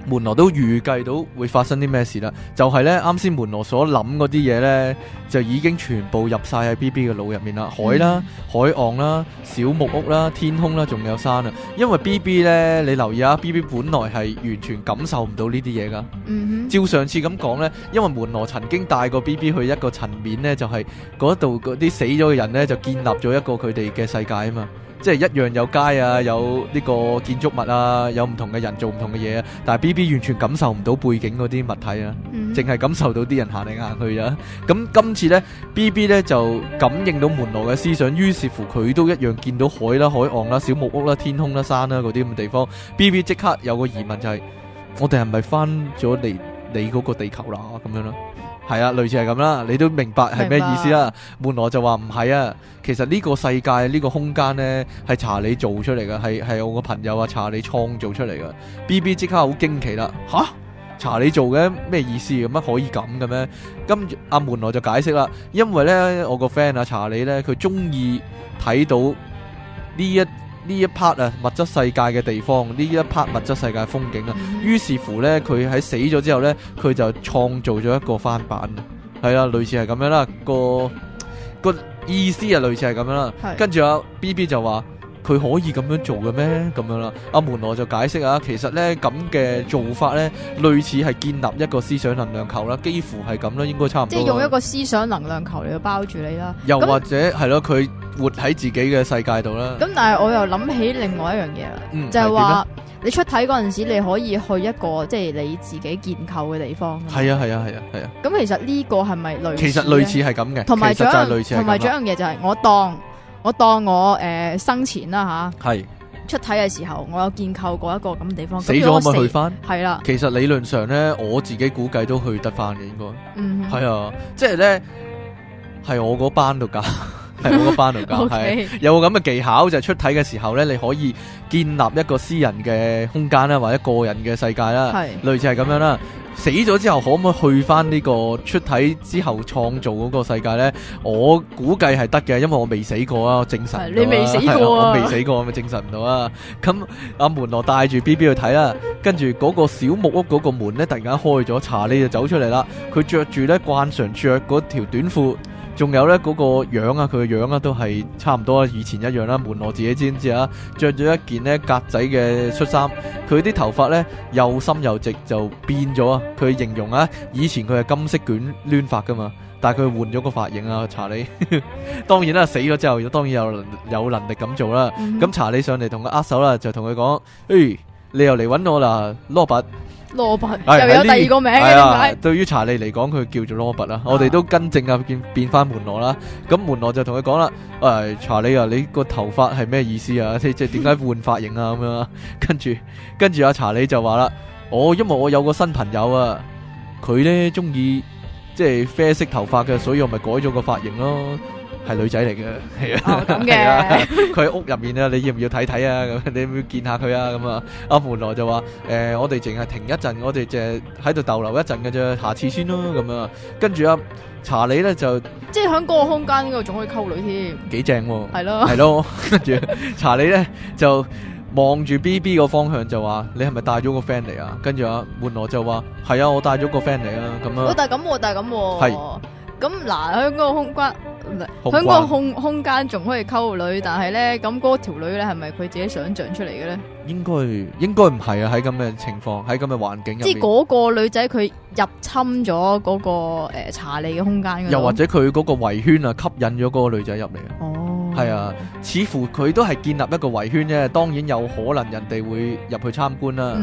門羅都預計到會發生啲咩事啦，就係呢啱先門羅所諗嗰啲嘢呢，就已經全部入晒喺 BB 嘅腦入面啦。海啦、嗯、海岸啦、小木屋啦、天空啦，仲有山啊。因為 BB 呢，你留意下 BB 本來係完全感受唔到呢啲嘢噶。嗯哼。照上次咁講呢，因為門羅曾經帶過 BB 去一個層面呢，就係嗰度嗰啲死咗嘅人呢，就建立咗一個佢哋嘅世界啊嘛。即係一樣有街啊，有呢個建築物啊，有唔同嘅人做唔同嘅嘢啊，但係 B B 完全感受唔到背景嗰啲物體啊，淨係感受到啲人行嚟行去啊。咁今次呢，B B 呢就感應到門羅嘅思想，於是乎佢都一樣見到海啦、海岸啦、小木屋啦、天空啦、山啦嗰啲咁嘅地方。B B 即刻有個疑問就係：我哋係咪翻咗嚟你嗰個地球啦？咁樣囉。係啊，類似係咁啦，你都明白係咩意思啦？白門羅就話唔係啊，其實呢個世界呢，呢個空間咧係查理做出嚟嘅，係係我個朋友啊查理創造出嚟嘅。B B 即刻好驚奇啦，吓，查理做嘅咩意思？乜可以咁嘅咩？跟住阿門羅就解釋啦，因為咧我個 friend 啊查理咧佢中意睇到呢一，呢一 part 啊，物質世界嘅地方，呢一 part 物質世界風景啊，嗯、於是乎呢，佢喺死咗之後呢，佢就創造咗一個翻版，係啦，類似係咁樣啦，個個意思啊，類似係咁樣啦，是跟住啊，B B 就話。佢可以咁樣做嘅咩？咁樣啦，阿門羅就解釋啊，其實咧咁嘅做法咧，類似係建立一個思想能量球啦，幾乎係咁啦，應該差唔多。即係用一個思想能量球嚟到包住你啦。又或者係咯，佢活喺自己嘅世界度啦。咁但係我又諗起另外一樣嘢啦，就係話你出體嗰陣時，你可以去一個即係你自己建構嘅地方。係啊係啊係啊係啊！咁其實呢個係咪類似？其實類似係咁嘅。同埋仲有，同埋仲有一樣嘢就係我當。我當我誒、呃、生前啦吓，係是出體嘅時候，我有建構過一個咁嘅地方。死咗了咪去翻？係啦了，其實理論上咧，我自己估計都去得翻嘅，應該係啊，即係咧係我嗰班度㗎，係 我嗰班度㗎，係 Okay 有咁嘅技巧，就係、是、出體嘅時候咧，你可以建立一個私人嘅空間啦，或者個人嘅世界啦，係是類似係咁樣啦。死咗之後可唔可以去翻呢個出體之後創造嗰個世界呢？我估計係得嘅，因為我未死過啊！精神，你未死過，我未、啊、死過啊嘛！我我精神唔到啊！咁阿、啊、門羅帶住 B B 去睇啦，跟住嗰個小木屋嗰個門咧，突然間開咗，查理就走出嚟啦。佢着住咧慣常着嗰條短褲。仲有呢嗰個樣啊，佢個樣啊都係差唔多以前一樣啦。門羅自己知唔知啊？着咗一件呢格仔嘅恤衫，佢啲頭髮呢又深又直就變咗啊！佢形容啊，以前佢係金色捲攣髮噶嘛，但佢換咗個髮型啊，查理。 當然啦，死咗之後，當然有有能力咁做啦。咁、mm hmm. 查理上嚟同佢握手啦，就同佢講：咦、hey，你又嚟揾我啦，羅拔。羅拔又有第二個名嘅。哎呀，點解？對於查理嚟講，佢叫做羅拔啦。我哋都跟正啊，變變翻門羅啦。咁門羅就同佢講啦，誒，查理啊，你個頭髮係咩意思啊？即係點解換髮型啊？咁樣，跟住跟住，阿查理就話啦，我、哦、因為我有個新朋友啊，佢咧中意，即係啡色頭髮嘅，所以我咪改咗個髮型咯。係女仔嚟嘅，係啊，咁嘅、哦。佢的 屋入面要要睇睇啊，你要唔要睇睇啊？咁，你要唔要見下佢啊？咁啊，阿門羅就話：，誒，我哋淨係停一陣，我哋淨係喺度逗留一陣嘅啫，下次先咯。咁啊，跟住啊，查理咧就，即係響嗰個空間嗰度仲可以溝女添，幾正喎？係咯，係咯。跟住 查理咧就望住 B B 個方向就話：，你係咪帶咗個 friend 嚟啊？跟住阿門羅就話：，係啊，我帶咗個 friend 嚟啊。咁、就是、啊，但係咁，但係咁。係。咁嗱，喺個空間喺個空空間仲可以溝女，但係咧咁，嗰條女咧係咪佢自己想象出嚟嘅咧？應該應該唔係啊！喺咁嘅情況，喺咁嘅環境入邊，即係嗰個女仔佢入侵咗嗰個誒查理嘅空間，又或者佢嗰個圍圈啊吸引咗嗰個女仔入嚟啊！哦。係啊，似乎佢都係建立一個圍圈啫。當然有可能人哋會入去參觀啦。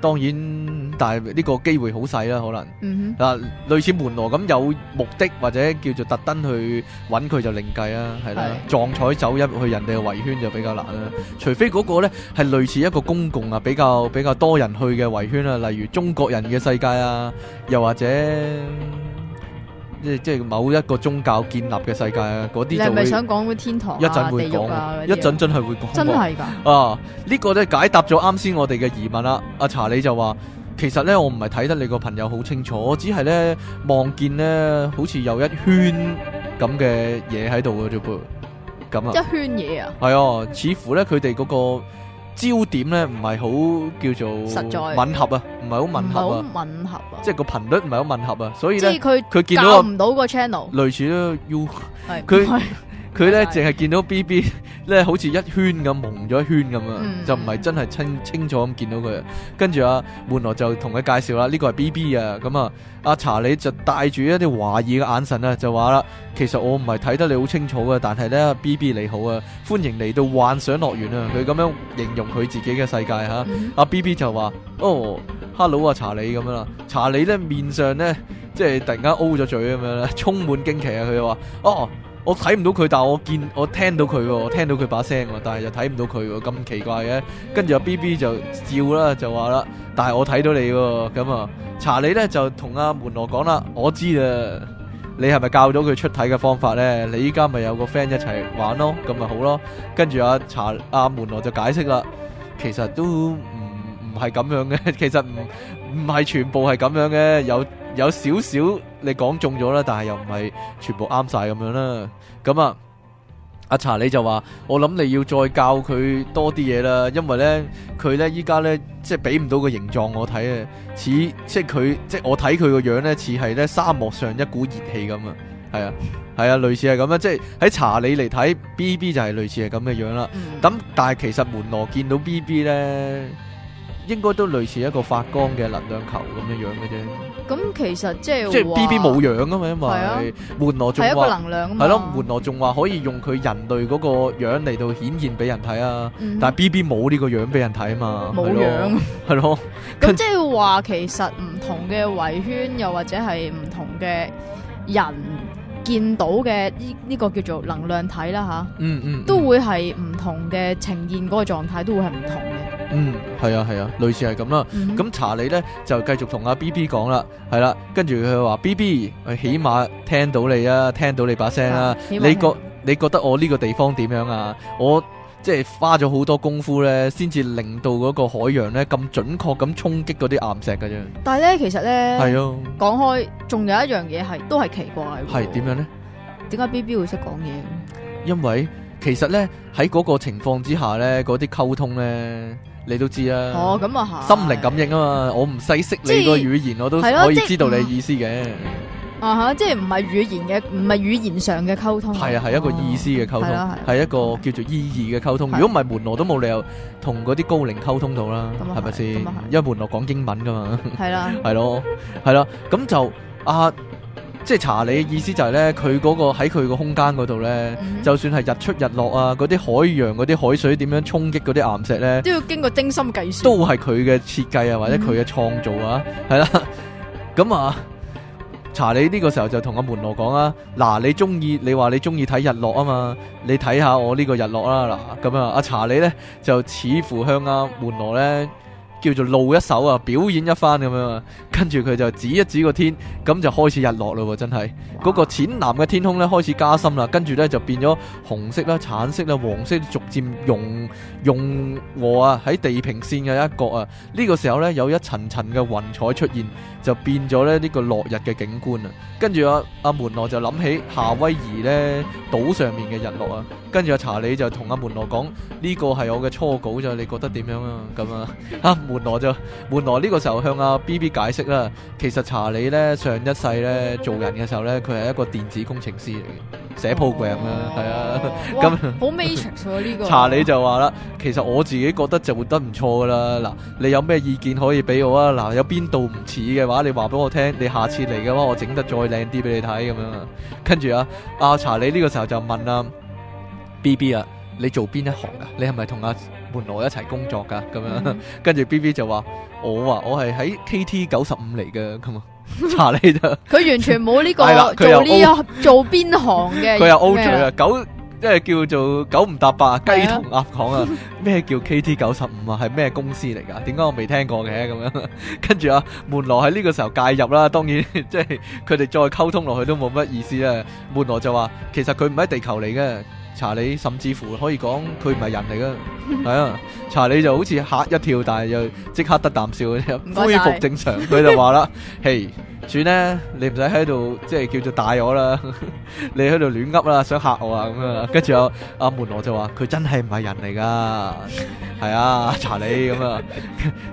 當然，但係呢個機會好細啦，可能嗱，類似門羅咁有目的或者叫做特登去揾佢就另計啦，係啦。撞彩走入去人哋嘅圍圈就比較難啦。除非嗰個呢係類似一個公共啊，比較比較多人去嘅圍圈啊，例如中國人嘅世界啊，又或者。即即某一個宗教建立嘅世界嗰啲係咪啊，嗰啲就想講天堂，一陣會講，啊、一陣真係會講，真係噶啊！呢個、呢個咧解答咗啱先我哋嘅疑問啦。阿、啊、查理就話：其實咧，我唔係睇得你個朋友好清楚，我只係咧望見咧好似有一圈咁嘅嘢喺度嘅啫噃，咁啊，一圈嘢啊，係啊，似乎咧佢哋嗰個。焦點咧唔係好叫做實在吻合啊，唔係好吻合啊，吻合啊即係個頻率唔係好吻合啊，所以咧，佢佢接唔到個 channel，類似 U，佢。佢咧淨係見到 B B 咧，好似一圈咁蒙咗一圈咁樣，mm hmm. 就唔係真係清清楚咁見到佢。跟住啊，門羅就同佢介紹啦，呢個係 B B 啊。咁啊，阿查理就帶住一啲懷疑嘅眼神啊，就話啦，其實我唔係睇得你好清楚啊，但係咧 B B 你好啊，歡迎嚟到幻想樂園啊。佢咁樣形容佢自己嘅世界吓。啊。阿 B B 就話：哦，Hello 啊查理咁樣啦。查理咧面上咧，即係突然間 O 咗嘴咁樣啦，充滿驚奇啊。佢就話：哦。我睇唔到佢，但係我見我聽到佢喎，我聽到佢把聲喎，但係又睇唔到佢喎，咁奇怪嘅。跟住阿 B B 就笑啦，就話啦，但係我睇到你喎。咁啊，查理咧就同阿門羅講啦，我知啦，你係咪教咗佢出體嘅方法咧？你依家咪有個 friend 一齊玩咯，咁咪好咯。跟住阿查阿門羅就解釋啦，其實都唔唔係咁樣嘅，其實唔。唔係全部係咁樣嘅，有有少少你講中咗啦，但係又唔係全部啱晒咁樣啦。咁啊，阿查理就話，我諗你要再教佢多啲嘢啦，因為咧佢咧依家咧即係俾唔到個形狀我睇啊，似即係佢即係我睇佢個樣咧似係咧沙漠上一股熱氣咁啊，係啊係啊類似係咁啦，即係喺查理嚟睇 B B 就係類似係咁嘅樣啦。咁、嗯、但係其實門羅見到 B B 咧。應該都類似一個發光嘅能量球咁樣樣嘅啫。咁其實就是即係即係 B B 冇樣啊嘛，係啊，門羅仲係一個能量啊嘛。係咯，門羅仲話可以用佢人類嗰個樣嚟到顯現俾人睇啊。嗯、但係 B B 冇呢個樣俾人睇啊嘛。冇樣。係咯。咁即係話其實唔同嘅圍圈，又或者係唔同嘅人見到嘅呢呢個叫做能量體啦吓。嗯，嗯嗯。都會係唔同嘅呈現嗰個狀態，都會係唔同嘅。嗯，係啊，係啊，類似係咁啦。咁、嗯、哼查理咧就繼續同阿 B、啊、B 講啦，係啦，跟住佢話 B B，起碼聽到你啊，聽到你把聲啊。你覺你覺得我呢個地方點樣啊？我即係花咗好多功夫咧，先至令到嗰個海洋咧咁準確咁衝擊嗰啲岩石㗎啫。但係咧，其實咧，係啊，講開，仲有一樣嘢係都係奇怪。係點樣咧？點解 B B 會識講嘢？因為其實咧喺嗰個情況之下咧，嗰啲溝通咧。你都知啦，心靈感應啊嘛，我唔使識你個語言，我都可以知道你意思嘅。啊吓，即係唔係語言嘅，唔係語言上嘅溝通。係啊，係一個意思嘅溝通，係一個叫做意義嘅溝通。如果唔係門羅，都冇理由同嗰啲高靈溝通到啦，係咪先？因為門羅講英文噶嘛。係啦，係咯，係啦，咁就啊。即係查理意思就係咧，佢嗰個喺佢個空間嗰度咧，就算係日出日落啊，嗰啲海洋嗰啲海水點樣衝擊嗰啲岩石咧，都要經過精心計算。都係佢嘅設計啊，或者佢嘅創造啊，係、嗯 啊啊、啦。咁啊，查理呢個時候就同阿門羅講啊：「嗱，你中意你話你中意睇日落啊嘛？你睇下我呢個日落啦。」嗱，咁啊，阿查理咧就似乎向阿門羅咧。叫做露一手啊，表演一番咁樣啊，跟住佢就指一指個天，咁就開始日落咯，真係嗰、嗰個淺藍嘅天空咧開始加深啦，跟住咧就變咗紅色啦、啊、橙色啦、啊、黃色逐漸融融和啊，喺地平線嘅一角啊，呢、呢個時候咧有一層層嘅雲彩出現，就變咗咧呢個落日嘅景觀啊。跟住阿阿門羅就諗起夏威夷咧島上面嘅日落啊，跟住阿查理就同阿、啊、門羅講，呢個係我嘅初稿咋，你覺得點樣，樣啊？咁啊，吓。換我就換我呢個時候向阿、啊、B B 解釋啦，其實查理咧上一世咧做人嘅時候咧，佢係一個電子工程師嚟嘅，寫 program、哦、啊，係啊哇，咁好密切啊呢個。查理就話啦，哇其實我自己覺得就活得唔錯噶啦，嗱，你有咩意見可以俾我啊？嗱，有邊度唔似嘅話，你話俾我聽，你下次嚟嘅話，我整得再靚啲俾你睇咁樣啊。跟住啊，阿查理呢個時候就問啊 b B 啊。.你做邊一行啊？你係咪同阿門羅一齊工作噶？咁樣、嗯， 跟住 B B 就話我啊，我係喺 K T 九十五嚟嘅咁啊，查你咋？佢完全冇呢個做呢個做邊行嘅。佢又 O 嘴啊，九即係叫做九唔搭八，雞同鴨講啊。咩叫 K T 九十五啊？係咩公司嚟噶？點解我未聽過嘅？咁 樣、啊，跟住阿門羅喺呢個時候介入啦。當然，即係佢哋再溝通落去都冇乜意思啦。 門羅就話，其實佢唔係地球嚟嘅。查理甚至乎可以講佢唔係人嚟噶，係 啊，查理就好似嚇一跳，但係又即刻得啖笑，謝謝恢復正常，佢就話啦：嘿，算啦，你唔使喺度即係叫做大我啦， 你喺度亂噏啦，想吓我啊咁啊，跟住阿阿門羅就話：佢真係唔係人嚟噶，係啊，查理咁啊，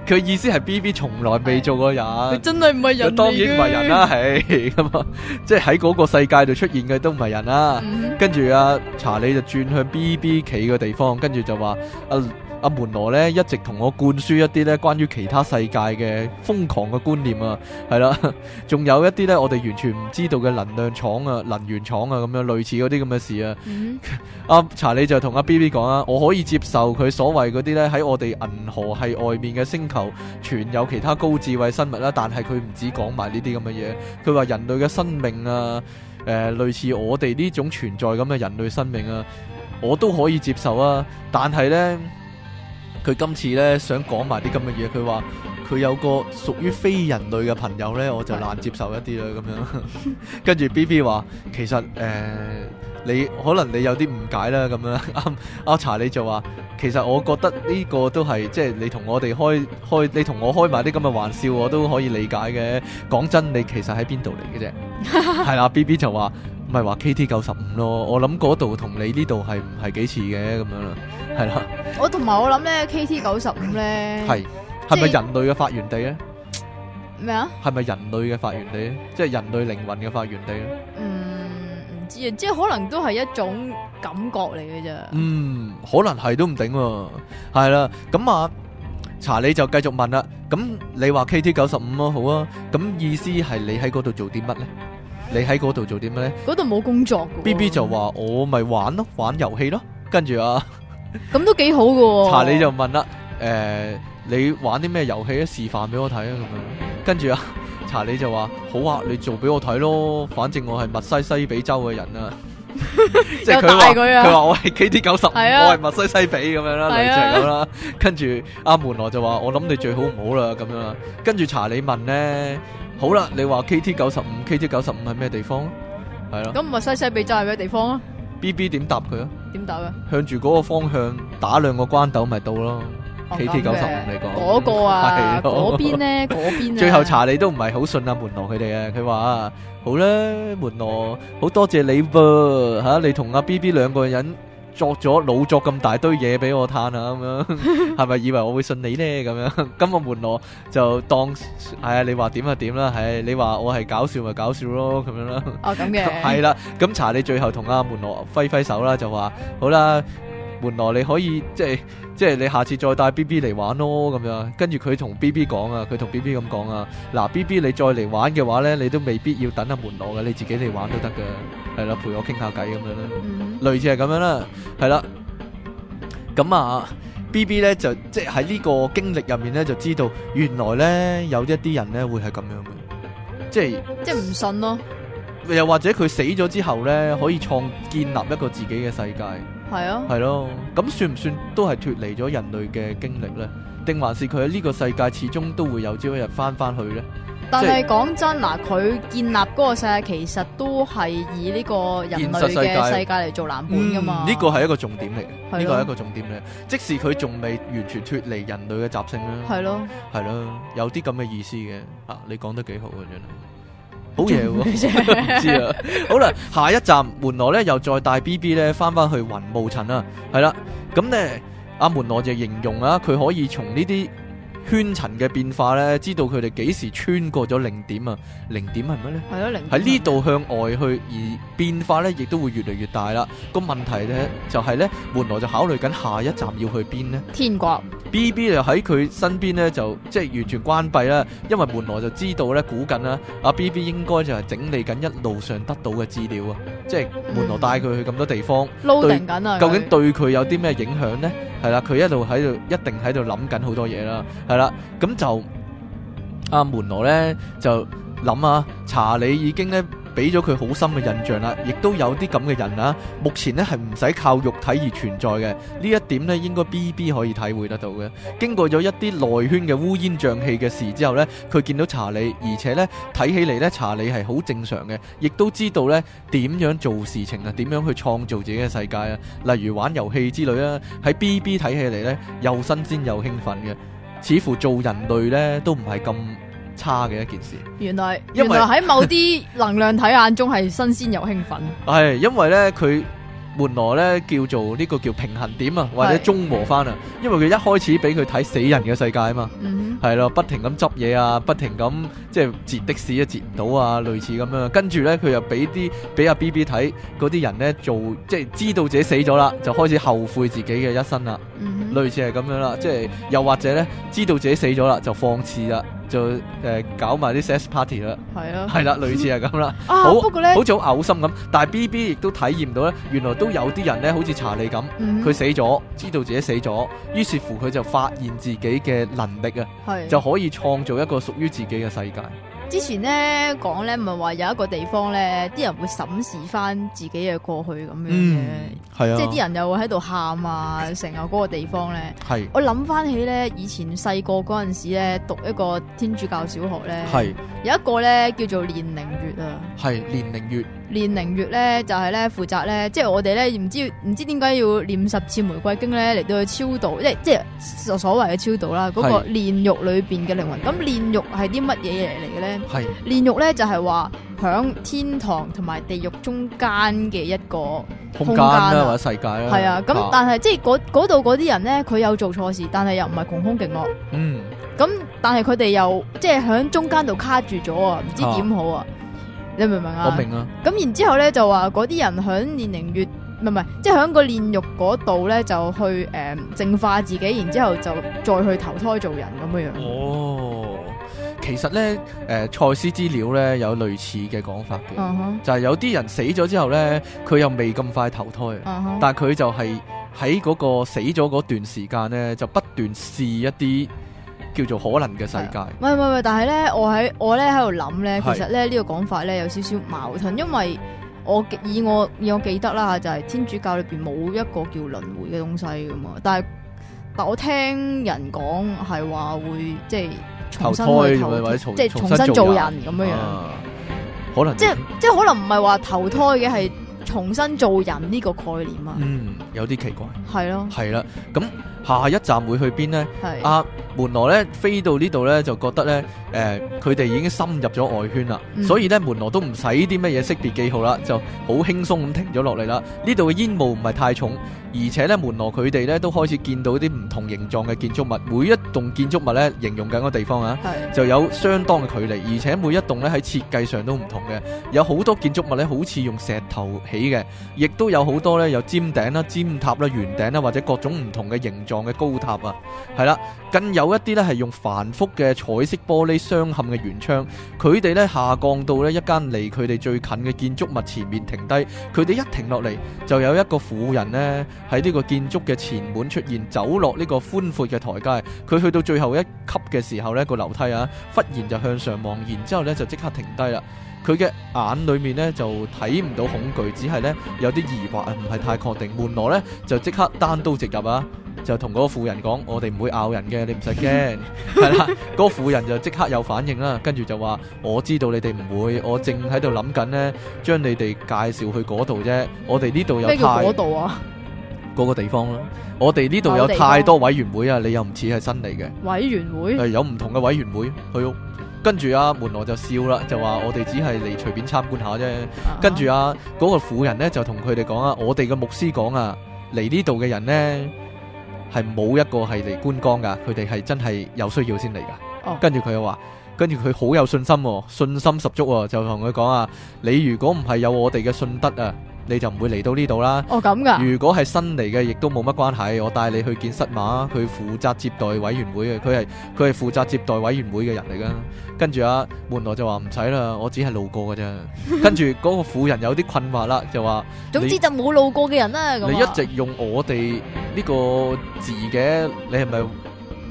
佢意思係 B B 從來未做過人，佢、欸、真係唔係人，當然唔係人啦，係咁啊，即係喺嗰個世界度出現嘅都唔係人啦，跟住阿查理。你就轉向 B B 企嘅地方，跟住就話阿阿門羅呢一直同我灌輸一啲呢關於其他世界嘅瘋狂嘅觀念啊，係啦，仲有一啲呢，我哋完全唔知道嘅能量廠啊，能源廠啊，咁樣類似嗰啲咁嘅事啊。阿、嗯啊、查理就同阿、啊、B B 講啊，我可以接受佢所謂嗰啲呢，喺我哋銀河系外面嘅星球，存有其他高智慧生物啦，啊，但係佢唔止講埋呢啲咁嘅嘢，佢話人類嘅生命啊。誒、呃，類似我哋呢種存在咁嘅人類生命啊，我都可以接受啊，但係呢，佢今次呢，想講埋啲咁嘅嘢，佢話。佢有個屬於非人類嘅朋友咧，我就難接受一啲啦咁樣。跟住 B B 話：其實誒、呃，你可能你有啲誤解啦咁樣。阿、啊、阿查你就話：其實我覺得呢個都係即係你同我哋開開你同我開埋啲咁嘅玩笑，我都可以理解嘅。講真，你其實喺邊度嚟嘅啫？係啦，B B 就話：咪話 K T 九十五咯。我諗嗰度同你是是、啊、呢度係唔係幾似嘅咁樣啦？係啦，我同埋我諗咧，K T 九十五咧係。係咪人類嘅發源地咧？咩啊？係咪人類嘅發源地咧？即係人類靈魂嘅發源地咧？唔唔知啊，即係可能都係一種感覺嚟嘅啫。嗯，可能係都唔定喎。係啦，咁啊，查理就繼續問啦。咁你話 K T 九十五咯好啊？咁意思係你喺嗰度做啲乜咧？你喺嗰度做啲咩咧？嗰度冇工作嘅。B B 就話，我咪玩咯，玩遊戲咯。跟住啊，咁都幾好嘅。查理就問啦，誒。你玩啲咩遊戲啊？示範俾我睇啊，咁樣。跟住啊，查理就話好啊，你做俾我睇咯。反正我係密西西比州嘅人啊，即係佢話佢話我係 K T 九十五，我係密西西比咁樣啦，你就咁啦。跟住阿、啊、門羅就話我諗你最好唔好啦，咁 樣啦。跟住查理問咧，好啦、啊，你話 K T 九十五，K T 九十五係咩地方啊？係咯。咁密、 啊、西西比州係咩地方啊？B B 點答佢啊？點答嘅？向住嗰個方向打兩個關斗咪到咯。 KT 九十五嚟講，嗰個啊，嗰邊咧，嗰邊、啊、 最後查理都不是很很你都唔係好信阿門羅佢哋啊，佢話好啦，門羅，好多謝你噃吓，你同阿 B B 兩個人作咗老作咁大堆嘢俾我嘆啊，咁樣係咪以為我會信你呢？咁 樣、 嗯，今日門羅就當係啊，你話點就點啦，係、啊、你話我係搞笑咪搞笑咯，咁、啊啊、樣咯。哦， 咁嘅。係啦，咁查理最後同阿門羅揮揮手啦，就話好啦。門羅你可以即係即係你下次再帶 B B 嚟玩咯咁樣，跟住佢同 B B 講啊，佢同 B B 咁講啊，嗱 B B 你再嚟玩嘅話咧，你都未必要等喺門羅嘅，你自己嚟玩都得嘅，係啦陪我傾下偈咁樣啦，嗯、類似係咁樣啦，係啦，咁啊 B B 咧就即係喺呢個經歷入面咧，就知道原來咧有一啲人咧會係咁樣嘅，即係即係唔信咯，又或者佢死咗之後咧，可以創建立一個自己嘅世界。係啊，係咯，咁算唔算都係脱離咗人類嘅經歷呢？定還是佢喺呢個世界始終都會有朝一日翻翻去呢？但係是講即真，嗱，佢建立嗰個世界其實都係以呢個人類嘅世界嚟做藍本噶嘛？呢個係一個重點嚟嘅，呢個係一個重點嚟。即使佢仲未完全脱離人類嘅習性啦係咯，係咯、啊啊，有啲咁嘅意思嘅。啊，你講得幾好嘅真。好嘢喎，唔知啊！好啦，下一站門羅咧，又再帶 B B 咧，翻翻去雲霧層啦，係啦，咁咧，阿門羅就形容啊，佢可以從呢啲。圈層嘅變化咧，知道佢哋幾時穿過咗零點啊？零點係乜咧？係啊，零喺呢度向外去而變化咧，亦都會越嚟越大啦。個問題咧就係、是、咧，門羅就考慮緊下一站要去邊呢？天國掛 B B 就喺佢身邊咧，就即係完全關閉啦。因為門羅就知道咧，估緊啦，阿 B B 應該就係整理緊一路上得到嘅資料啊。即係門羅帶佢去咁多地方，撈、嗯、對定緊啊！究竟對佢有啲咩影響咧？係啦，佢一路喺度，一定喺度諗緊好多嘢啦。係啦，咁就阿門羅呢就諗啊，想想查理已經呢。俾咗佢好深嘅印象啦，亦都有啲咁嘅人啊。目前呢，係唔使靠肉體而存在嘅。呢一點呢，應該 B B 可以體會得到嘅。經過咗一啲內圈嘅烏煙瘴氣嘅事之後呢，佢見到查理，而且呢，睇起嚟呢查理係好正常嘅，亦都知道呢點樣做事情啊，點樣去創造自己嘅世界啊，例如玩遊戲之類啊。喺 B B 睇起嚟呢，又新鮮又興奮嘅，似乎做人類呢，都唔係咁差嘅一件事，原來原來喺某啲能量體眼中係新鮮又興奮。係 因為咧佢門羅咧叫做呢、這個叫平衡點啊，或者中和返啊。因為佢一開始俾佢睇死人嘅世界啊嘛，係咯、嗯哼，不停咁執嘢啊，不停咁即係截的士都截唔到啊，類似咁樣。跟住咧佢又俾啲俾阿 B B 睇嗰啲人咧做，即係知道自己死咗啦，就開始後悔自己嘅一生啦，嗯、哼類似係咁樣啦。即係又或者咧知道自己死咗啦，就放肆啦。就誒、呃、搞埋啲 sex party 啦，係啦了，係啦，類似係咁啦，好，啊、好似好嘔心咁。但係 B B 亦都體驗到咧，原來都有啲人咧，好似查理咁，佢、嗯、哼死咗，知道自己死咗，於是乎佢就發現自己嘅能力啊，的就可以創造一個屬於自己嘅世界。之前咧講咧，唔係話有一個地方咧，啲人會審視翻自己嘅過去咁樣嘅，係、嗯、啊，即係啲人又會喺度喊啊，成日嗰個地方咧。係是我諗翻起咧，以前細個陣時咧，讀一個天主教小學咧，係是有一個咧叫做煉靈月啊。係煉靈月。煉靈月咧就係咧負責咧，即係我哋咧唔知唔知點解要念十次玫瑰經咧嚟到去超度，即係即係所所謂嘅超度啦。嗰個煉獄裏邊嘅靈魂，咁煉獄係啲乜嘢嘢嚟嘅咧？係煉獄咧，是就係話響天堂同埋地獄中間嘅一個空間啦、啊，或者世界啦。係啊，咁、啊啊、但係即係嗰度嗰啲人咧，佢有做錯事，但係又唔係窮凶極惡。嗯是他們。咁但係佢哋又即係響中間度卡住咗啊，唔知點好啊？你明唔明啊？我明啊。咁然之後咧就話嗰啲人響年齡越唔係唔係，即係響個煉獄嗰度咧就去誒淨化自己，然之後就再去投胎做人咁樣樣。哦。其實咧，誒、呃、賽斯資料咧有類似嘅講法嘅，uh huh. 就係有啲人死咗之後咧，佢又未咁快投胎，uh huh. 但係佢就係喺嗰個死咗嗰段時間咧，就不斷試一啲叫做可能嘅世界。唔係唔係，但係咧，我喺我咧喺度諗咧，其實咧呢、呢個講法咧有少少矛盾，因為我以我以我記得啦就係、係、天主教裏邊冇一個叫輪迴嘅東西噶嘛，但係但我聽人講係話會即係。投胎或者重即係重新做人咁樣樣，可能即係即係可能唔係話投胎嘅係重新做人呢個概念啊，嗯，有啲奇怪，係咯的，係啦，咁下一站會去邊咧？係的啊。門羅咧飛到呢度咧，就覺得咧，誒佢哋已經深入咗外圈啦，嗯、所以咧，門羅都唔使啲乜嘢識別記號啦，就好輕鬆咁停咗落嚟啦。呢度嘅煙霧唔係太重，而且咧，門羅佢哋咧都開始見到啲唔同形狀嘅建築物，每一棟建築物咧，形容緊個地方啊，的就有相當嘅距離，而且每一棟咧喺設計上都唔同嘅，有好多建築物咧好似用石頭起嘅，亦都有好多咧有尖頂啦、啊、尖塔啦、啊、圓頂啦、啊，或者各種唔同嘅形狀嘅高塔啊，係啦，跟有。有一啲咧係用繁複嘅彩色玻璃鑲嵌嘅圓窗，佢哋咧下降到咧一間離佢哋最近嘅建築物前面停低，佢哋一停落嚟就有一個婦人咧喺呢個建築嘅前門出現，走落呢個寬闊嘅台階，佢去到最後一級嘅時候呢個樓梯啊，忽然就向上望，然之後咧就即刻停低啦，佢嘅眼裏面呢就睇唔到恐懼，只係呢有啲疑惑啊，唔係太確定，門羅呢就即刻單刀直入啊。就同嗰婦人講，我哋唔會咬人嘅，你唔使驚。係啦， 婦、嗰個、人就即刻有反應啦，跟住就話，我知道你哋唔會，我正喺度諗緊呢，將你哋介紹去嗰度啫。我哋呢度有太嗰、啊、個地方啦。我哋呢度有太多委員會啊，你又唔似係新嚟嘅委員會。有唔同嘅委員會去。跟住阿、啊、門羅就笑啦，就話，我哋只係嚟隨便參觀下啫。Uh huh. 跟住啊，嗰、嗰個婦人呢，就同佢哋講啊，我哋嘅牧師講啊，嚟呢度嘅人呢。」係冇一個係嚟觀光噶，佢哋係真係有需要先嚟噶。跟住佢又話，跟住佢好有信心喎，信心十足喎，就同佢講啊：你如果唔係有我哋嘅信德啊！你就唔會嚟到呢度啦。哦、咁噶、如果係新嚟嘅，亦都冇乜關係。我帶你去見失馬，佢負責接待委員會嘅，佢係佢係負責接待委員會嘅人嚟噶。跟住啊，門羅就話唔使啦，我只係路過㗎啫。跟住嗰個婦人有啲困惑啦，就話，總之就冇路過嘅人啦、啊、你，你一直用我哋呢個字嘅，你係咪？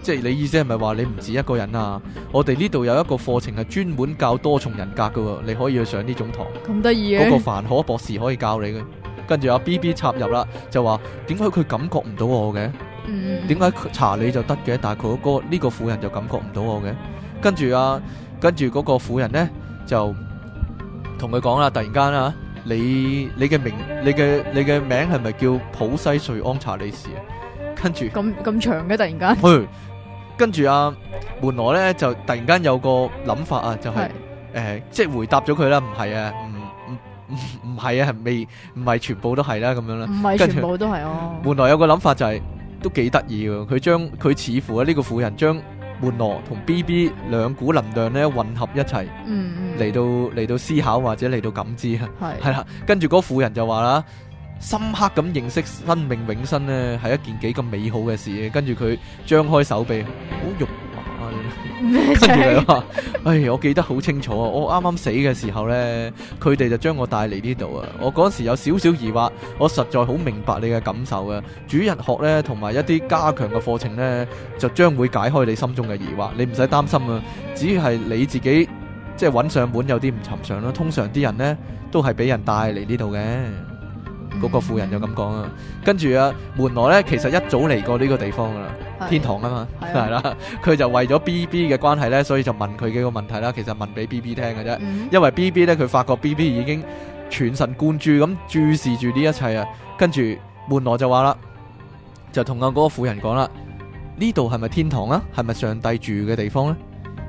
即係你意思係咪話你唔止一個人啊？我哋呢度有一個課程係專門教多重人格噶，你可以去上這種這呢種堂。咁得意嘅嗰個凡可博士可以教你嘅。跟住阿 B B 插入啦，就話點解佢感覺唔到我嘅？點解、嗯、查你就得嘅，但係佢嗰個呢個婦人就感覺唔到我嘅？跟住啊，跟住嗰個婦人呢，就同佢講啦，突然間啊，你你嘅名、你嘅你嘅名係咪叫普西瑞安查理士啊？跟住咁咁長嘅突然間。 跟住啊，門羅咧就突然間有個諗法啊，就係、是、誒是、呃，即係回答咗佢啦，唔係啊，唔唔唔唔係啊，係未唔係全部都係啦、啊，咁樣啦，唔係全部都係哦。門羅有個諗法就係、是、都幾得意啊。佢將佢似乎啊呢個婦人將門羅同 B B 兩股能量咧混合一齊，嗯嚟、嗯、到嚟到思考或者嚟到感知啊，係係啦，跟住嗰個婦人就話啦。深刻咁認識生命永生呢係一件幾咁美好嘅事。跟住佢張開手臂，好肉麻。跟住佢話：哎我記得好清楚啊！我啱啱死嘅時候呢，佢哋就將我帶嚟呢度啊！我嗰時有少少疑惑，我實在好明白你嘅感受。主日學呢同埋一啲加強嘅課程呢，就將會解開你心中嘅疑惑。你唔使擔心啊！只係你自己即係揾上門有啲唔尋常咯。通常啲人呢，都係俾人帶嚟呢度嘅。嗰個婦人就咁講啊，跟住啊門羅呢其實一早嚟過呢個地方噶啦，的天堂啊嘛，係啦的，佢就為咗 B B 嘅關係呢，所以就問佢幾個問題啦，其實問俾 B B 聽嘅啫。嗯、因為 B B 呢，佢發覺 B B 已經全神貫注咁注視住呢一切啊，跟住門羅就話啦，就同啊嗰個婦人講啦，呢度係咪天堂啊，係咪上帝住嘅地方呢？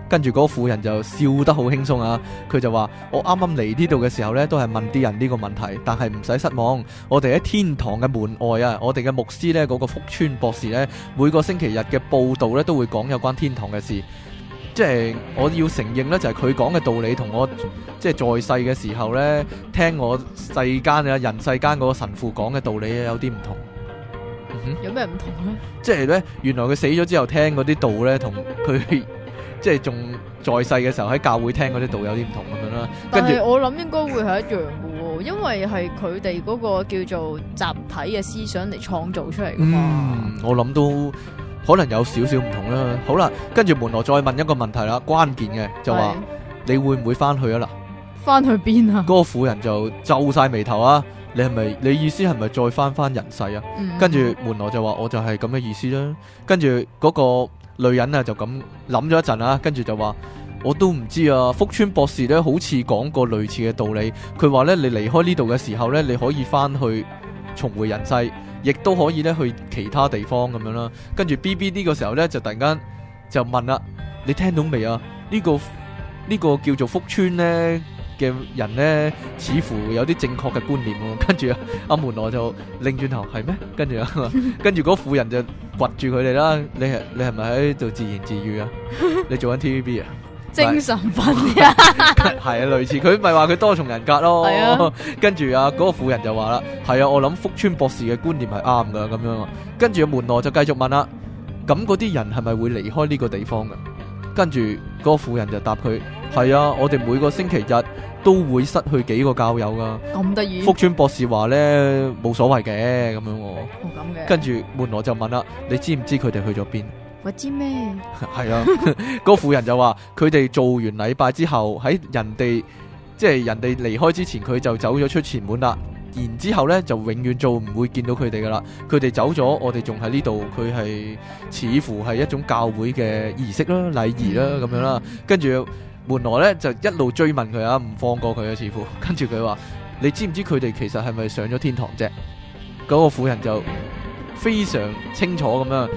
跟住嗰婦人就笑得好輕鬆啊！佢就話：我啱啱嚟呢度嘅時候呢，都係問啲人呢個問題。但係唔使失望，我哋喺天堂嘅門外啊！我哋嘅牧師呢，嗰、那個福川博士呢，每個星期日嘅報道呢，都會講有關天堂嘅事。即係我要承認呢，就係、是、佢講嘅道理同我即係在世嘅時候呢，聽我世間啊人世間嗰個神父講嘅道理有啲唔同。嗯、有咩唔同呢？即係呢，原來佢死咗之後聽嗰啲道呢，同佢。即係仲在世嘅時候喺教會聽嗰啲道有啲唔同咁樣啦，但係我諗應該會係一樣嘅， 因為係佢哋嗰個叫做集體嘅思想嚟創造出嚟噶嘛。嗯，我諗都可能有少少唔同啦。好啦，跟住門羅再問一個問題啦，關鍵嘅就話是你會唔會翻去啊？嗱，翻去邊啊？嗰個婦人就皺晒眉頭啊！你係咪？你意思係咪再翻翻人世啊？跟住，嗯、門羅就話我就係咁嘅意思啦，啊。跟住嗰個。女人啊，就咁諗咗一陣啊，跟住就話我都唔知啊。福川博士咧，好似講過類似嘅道理。佢話咧，你離開呢度嘅時候咧，你可以翻去重回人世，亦都可以咧去其他地方咁樣啦。跟住 B B 呢個時候咧，就突然間就問啦：你聽到未啊？呢個、呢個叫做福川咧，嘅人咧，似乎有啲正確嘅觀念喎、哦。跟住阿、啊啊、門羅就擰轉頭，係咩？ 跟住啊，跟住嗰婦人就掘住佢哋啦。你係你係咪喺度自言自語啊？你做緊 TVB 啊？精神分啊是！係 啊，類似佢咪話佢多重人格咯。 跟住啊，嗰、那個婦人就話啦：，係啊，我諗福川博士嘅觀念係啱噶。咁樣啊。跟住阿、啊、門羅就繼續問啦、啊：，咁嗰啲人係咪會離開呢個地方嘅？跟住個婦人就答佢：，係啊，我哋每個星期日都會失去幾個教友噶。咁得意。福川博士話呢，冇所謂嘅咁樣。咁嘅。跟住門羅就問啦：，你知唔知佢哋去咗邊？我知咩？係 啊， 個婦人就話：佢哋 做完禮拜之後，喺人哋即係人哋離開之前，佢就走咗出前門啦。然之後咧，就永遠做唔會見到佢哋噶啦。佢哋走咗，我哋仲喺呢度。佢係似乎係一種教會嘅儀式啦、禮儀啦咁樣啦。跟住門羅咧，就一路追問佢啊，唔放過佢啊，似乎他。跟住佢話：你知唔知佢哋其實係咪上咗天堂啫？嗰、那個婦人就非常清楚咁樣。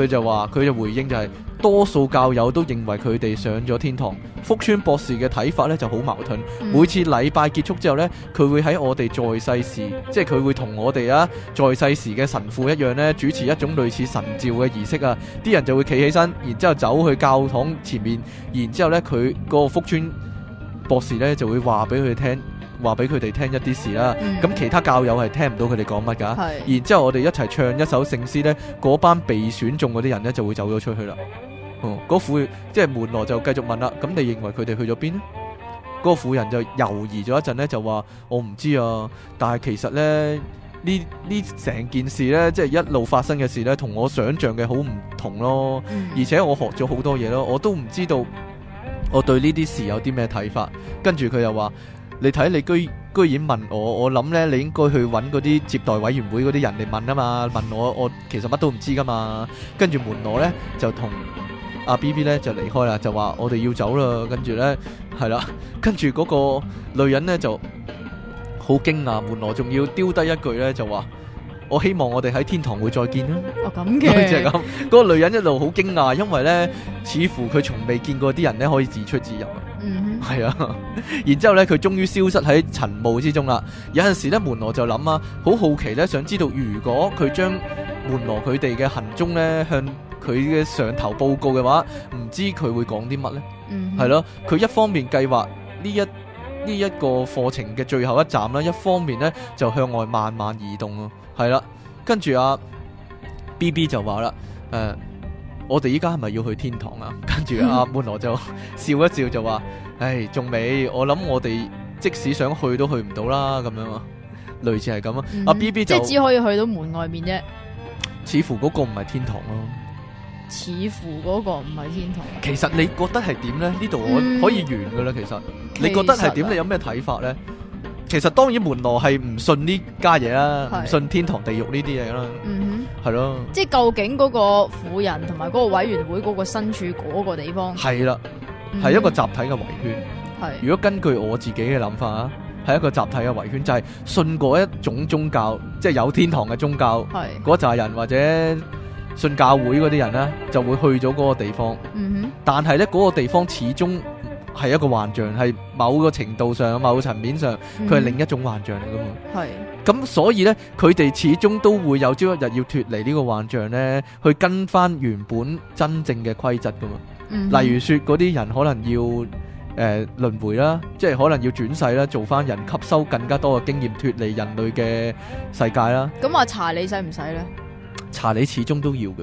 佢就話，佢就回應就係、是，多數教友都認為佢哋上咗天堂。福川博士嘅睇法咧就好矛盾。嗯、每次禮拜結束之後呢，佢會喺我哋在世時，即係佢會同我哋啊，在世時嘅神父一樣呢，主持一種類似神召嘅儀式啊。啲人就會企起身，然之後走去教堂前面，然之後咧，佢個福川博士呢就會話俾佢聽。話俾佢哋聽一啲事啦，咁、嗯、其他教友係聽唔到佢哋講乜噶。是然之後我哋一齊唱一首聖詩呢，嗰班被選中嗰啲人呢就會走咗出去啦。哦、嗯，嗰婦即係門羅就繼續問啦，咁你認為佢哋去咗邊咧？嗰個婦人就猶豫咗一陣呢，就話我唔知啊，但係其實咧呢呢成件事呢，即係一路發生嘅事呢，同我想象嘅好唔同咯。嗯、而且我學咗好多嘢咯，我都唔知道我對呢啲事有啲咩睇法。跟住佢又話。你睇你居居然問我，我諗咧，你應該去揾嗰啲接待委員會嗰啲人嚟問啊嘛，問我我其實乜都唔知㗎嘛。跟住門羅咧就同阿 B B 咧就離開啦，就話我哋要走啦。跟住咧係啦，跟住嗰個女人咧就好驚訝，門羅仲要丟低一句咧就話。我希望我哋喺天堂會再見啦！哦，咁嘅就係咁。嗰、那個女人一路好驚訝，因為呢，似乎佢從未見過啲人呢可以自出自入。嗯哼，係啊。然之後呢，佢終於消失喺塵霧之中啦。有陣時咧，門羅就諗啊，好好奇呢，想知道如果佢將門羅佢哋嘅行蹤呢向佢嘅上頭報告嘅話，唔知佢會講啲乜呢？嗯哼，係咯、啊。佢一方面計劃呢一呢一、這個課程嘅最後一站啦，一方面呢就向外慢慢移動咯。係啦，跟住阿 B B 就話啦，誒、呃，我哋依家係咪要去天堂啊？跟住阿門羅就笑一笑就話，誒、 哎，仲未，我諗我哋即使想去都去唔到啦，咁樣啊，類似係咁、嗯、啊 BB 就。阿 B B 即係只可以去到門外面啫，似乎嗰個唔係天堂咯、啊，似乎嗰個唔係天堂、啊。其實你覺得係點咧？呢度我可以完噶啦。嗯、其實你覺得係點？你有咩睇法咧？其實當然門羅係唔信呢家嘢啦，唔是信天堂地獄呢啲嘢啦，嗯哼，係咯。即係究竟嗰個婦人同埋嗰個委員會嗰個身處嗰個地方，係啦，係一個集體嘅圍圈。係、嗯、哼如果根據我自己嘅諗法啊，係是一個集體嘅圍圈，就係、是、信過一種宗教，即係有天堂嘅宗教，係嗰扎人或者信教會嗰啲人咧，就會去咗嗰個地方。嗯哼，但係咧嗰個地方始終。係一個幻象，係某個程度上，某個層面上，佢係另一種幻象嚟噶嘛。係咁，嗯，所以呢，佢哋始終都會有朝一日要脫離呢個幻象呢，去跟翻原本真正嘅規則噶嘛。嗯、哼例如說，嗰啲人可能要誒輪迴啦，即係可能要轉世啦，做翻人，吸收更加多嘅經驗，脫離人類嘅世界啦。咁啊，查理使唔使呢？查理始終都要噶。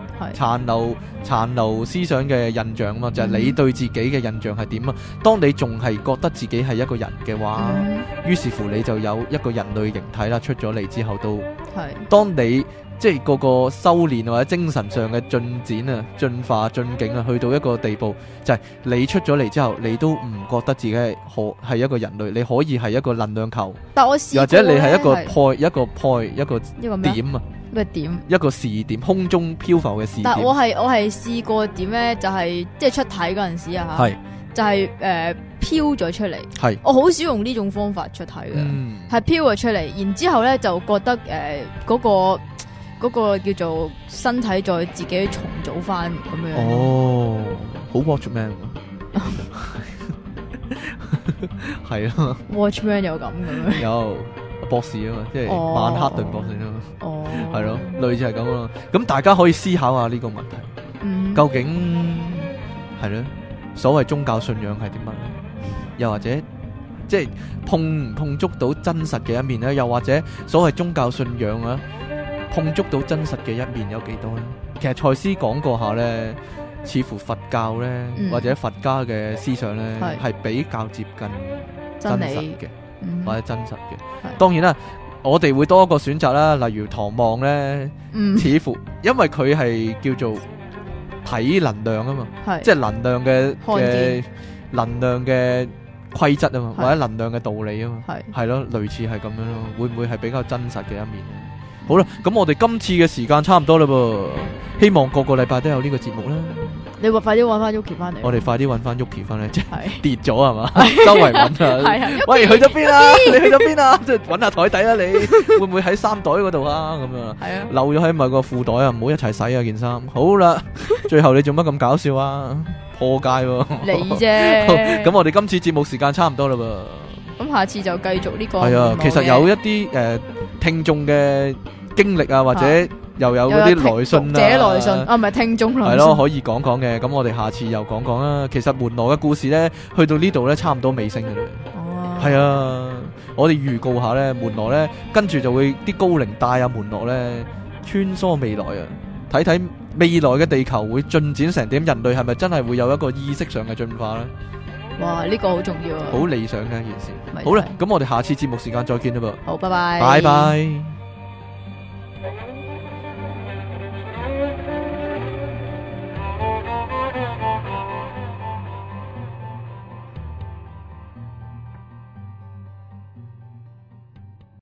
殘留殘留思想嘅印象嘛，就係、是、你對自己嘅印象係點啊？嗯、當你仲係覺得自己係一個人嘅話，嗯、於是乎你就有一個人類形體啦。出咗嚟之後都，嗯、當你。即係個個修煉或者精神上嘅進展啊、進化、進境啊，去到一個地步，就係、是、你出咗嚟之後，你都唔覺得自己係可係一個人類，你可以係一個能量球，但我試過或者你係一個 point 是一個 point 一，po 一個點啊，咩點？一個視點，空中漂浮嘅視點。但我係我係試過點咧，就係即係出體嗰陣時啊，係是就係誒飄咗出嚟，係是我好少用呢種方法出體嘅，係飄咗出嚟，然之後咧就覺得誒嗰、呃嗰個。嗰個叫做身體再自己重組翻咁樣哦，好 Watchman，係啊 Watchman 又咁咁樣，這樣這樣有博士啊嘛，即係曼哈頓博士啊嘛，哦，係咯、 哦，類似係咁咯。咁大家可以思考下呢個問題，嗯、究竟係咧、嗯？所謂宗教信仰係點樣咧？又或者即係碰唔碰觸到真實嘅一面咧？又或者所謂宗教信仰啊？碰觸到真實嘅一面有幾多呢？其實蔡司講過下呢，似乎佛教呢，嗯、或者佛家嘅思想呢，係是比較接近真實嘅，嗯、或者真實嘅。是當然啦，我哋會多一個選擇啦，例如唐望呢，嗯、似乎因為佢係叫做體能量啊嘛，是即係能量嘅嘅見能量嘅規則啊嘛，或者能量嘅道理啊嘛，係係咯，類似係咁樣咯，會唔會係比較真實嘅一面？好啦，咁我哋今次嘅時間差唔多啦噃，希望個個禮拜都有呢個節目啦。你話快啲揾翻 Yuki 翻嚟，我哋快啲揾翻 Yuki 翻嚟，即係跌咗係嘛？周圍揾啊，喂，去咗邊啊？你去咗邊啊？即係揾下台底啦，你會唔會喺衫袋嗰度啊？咁啊，係啊，漏咗喺咪個褲袋啊，唔好一齊洗啊件衫。好啦，最後你做乜咁搞笑啊？破戒，你啫。咁我哋今次節目時間差唔多啦噃，咁下次就繼續呢個係啊。其實有一啲誒聽眾嘅。經歷啊，或者又有嗰啲來信啊，啊唔係聽眾來係咯，可以講講嘅。咁我哋下次又講講啦。其實門羅嘅故事咧，去到呢度咧，差唔多尾聲嘅啦。哦，係啊，我哋預告下咧，門羅咧，跟住就會啲高靈帶入門羅咧，穿梭未來啊，睇睇未來嘅地球會進展成點，人類係咪真係會有一個意識上嘅進化咧？哇，呢個好重要啊，好理想嘅一件事。好啦，咁我哋下次節目時間再見啦噃。好，拜拜，拜拜。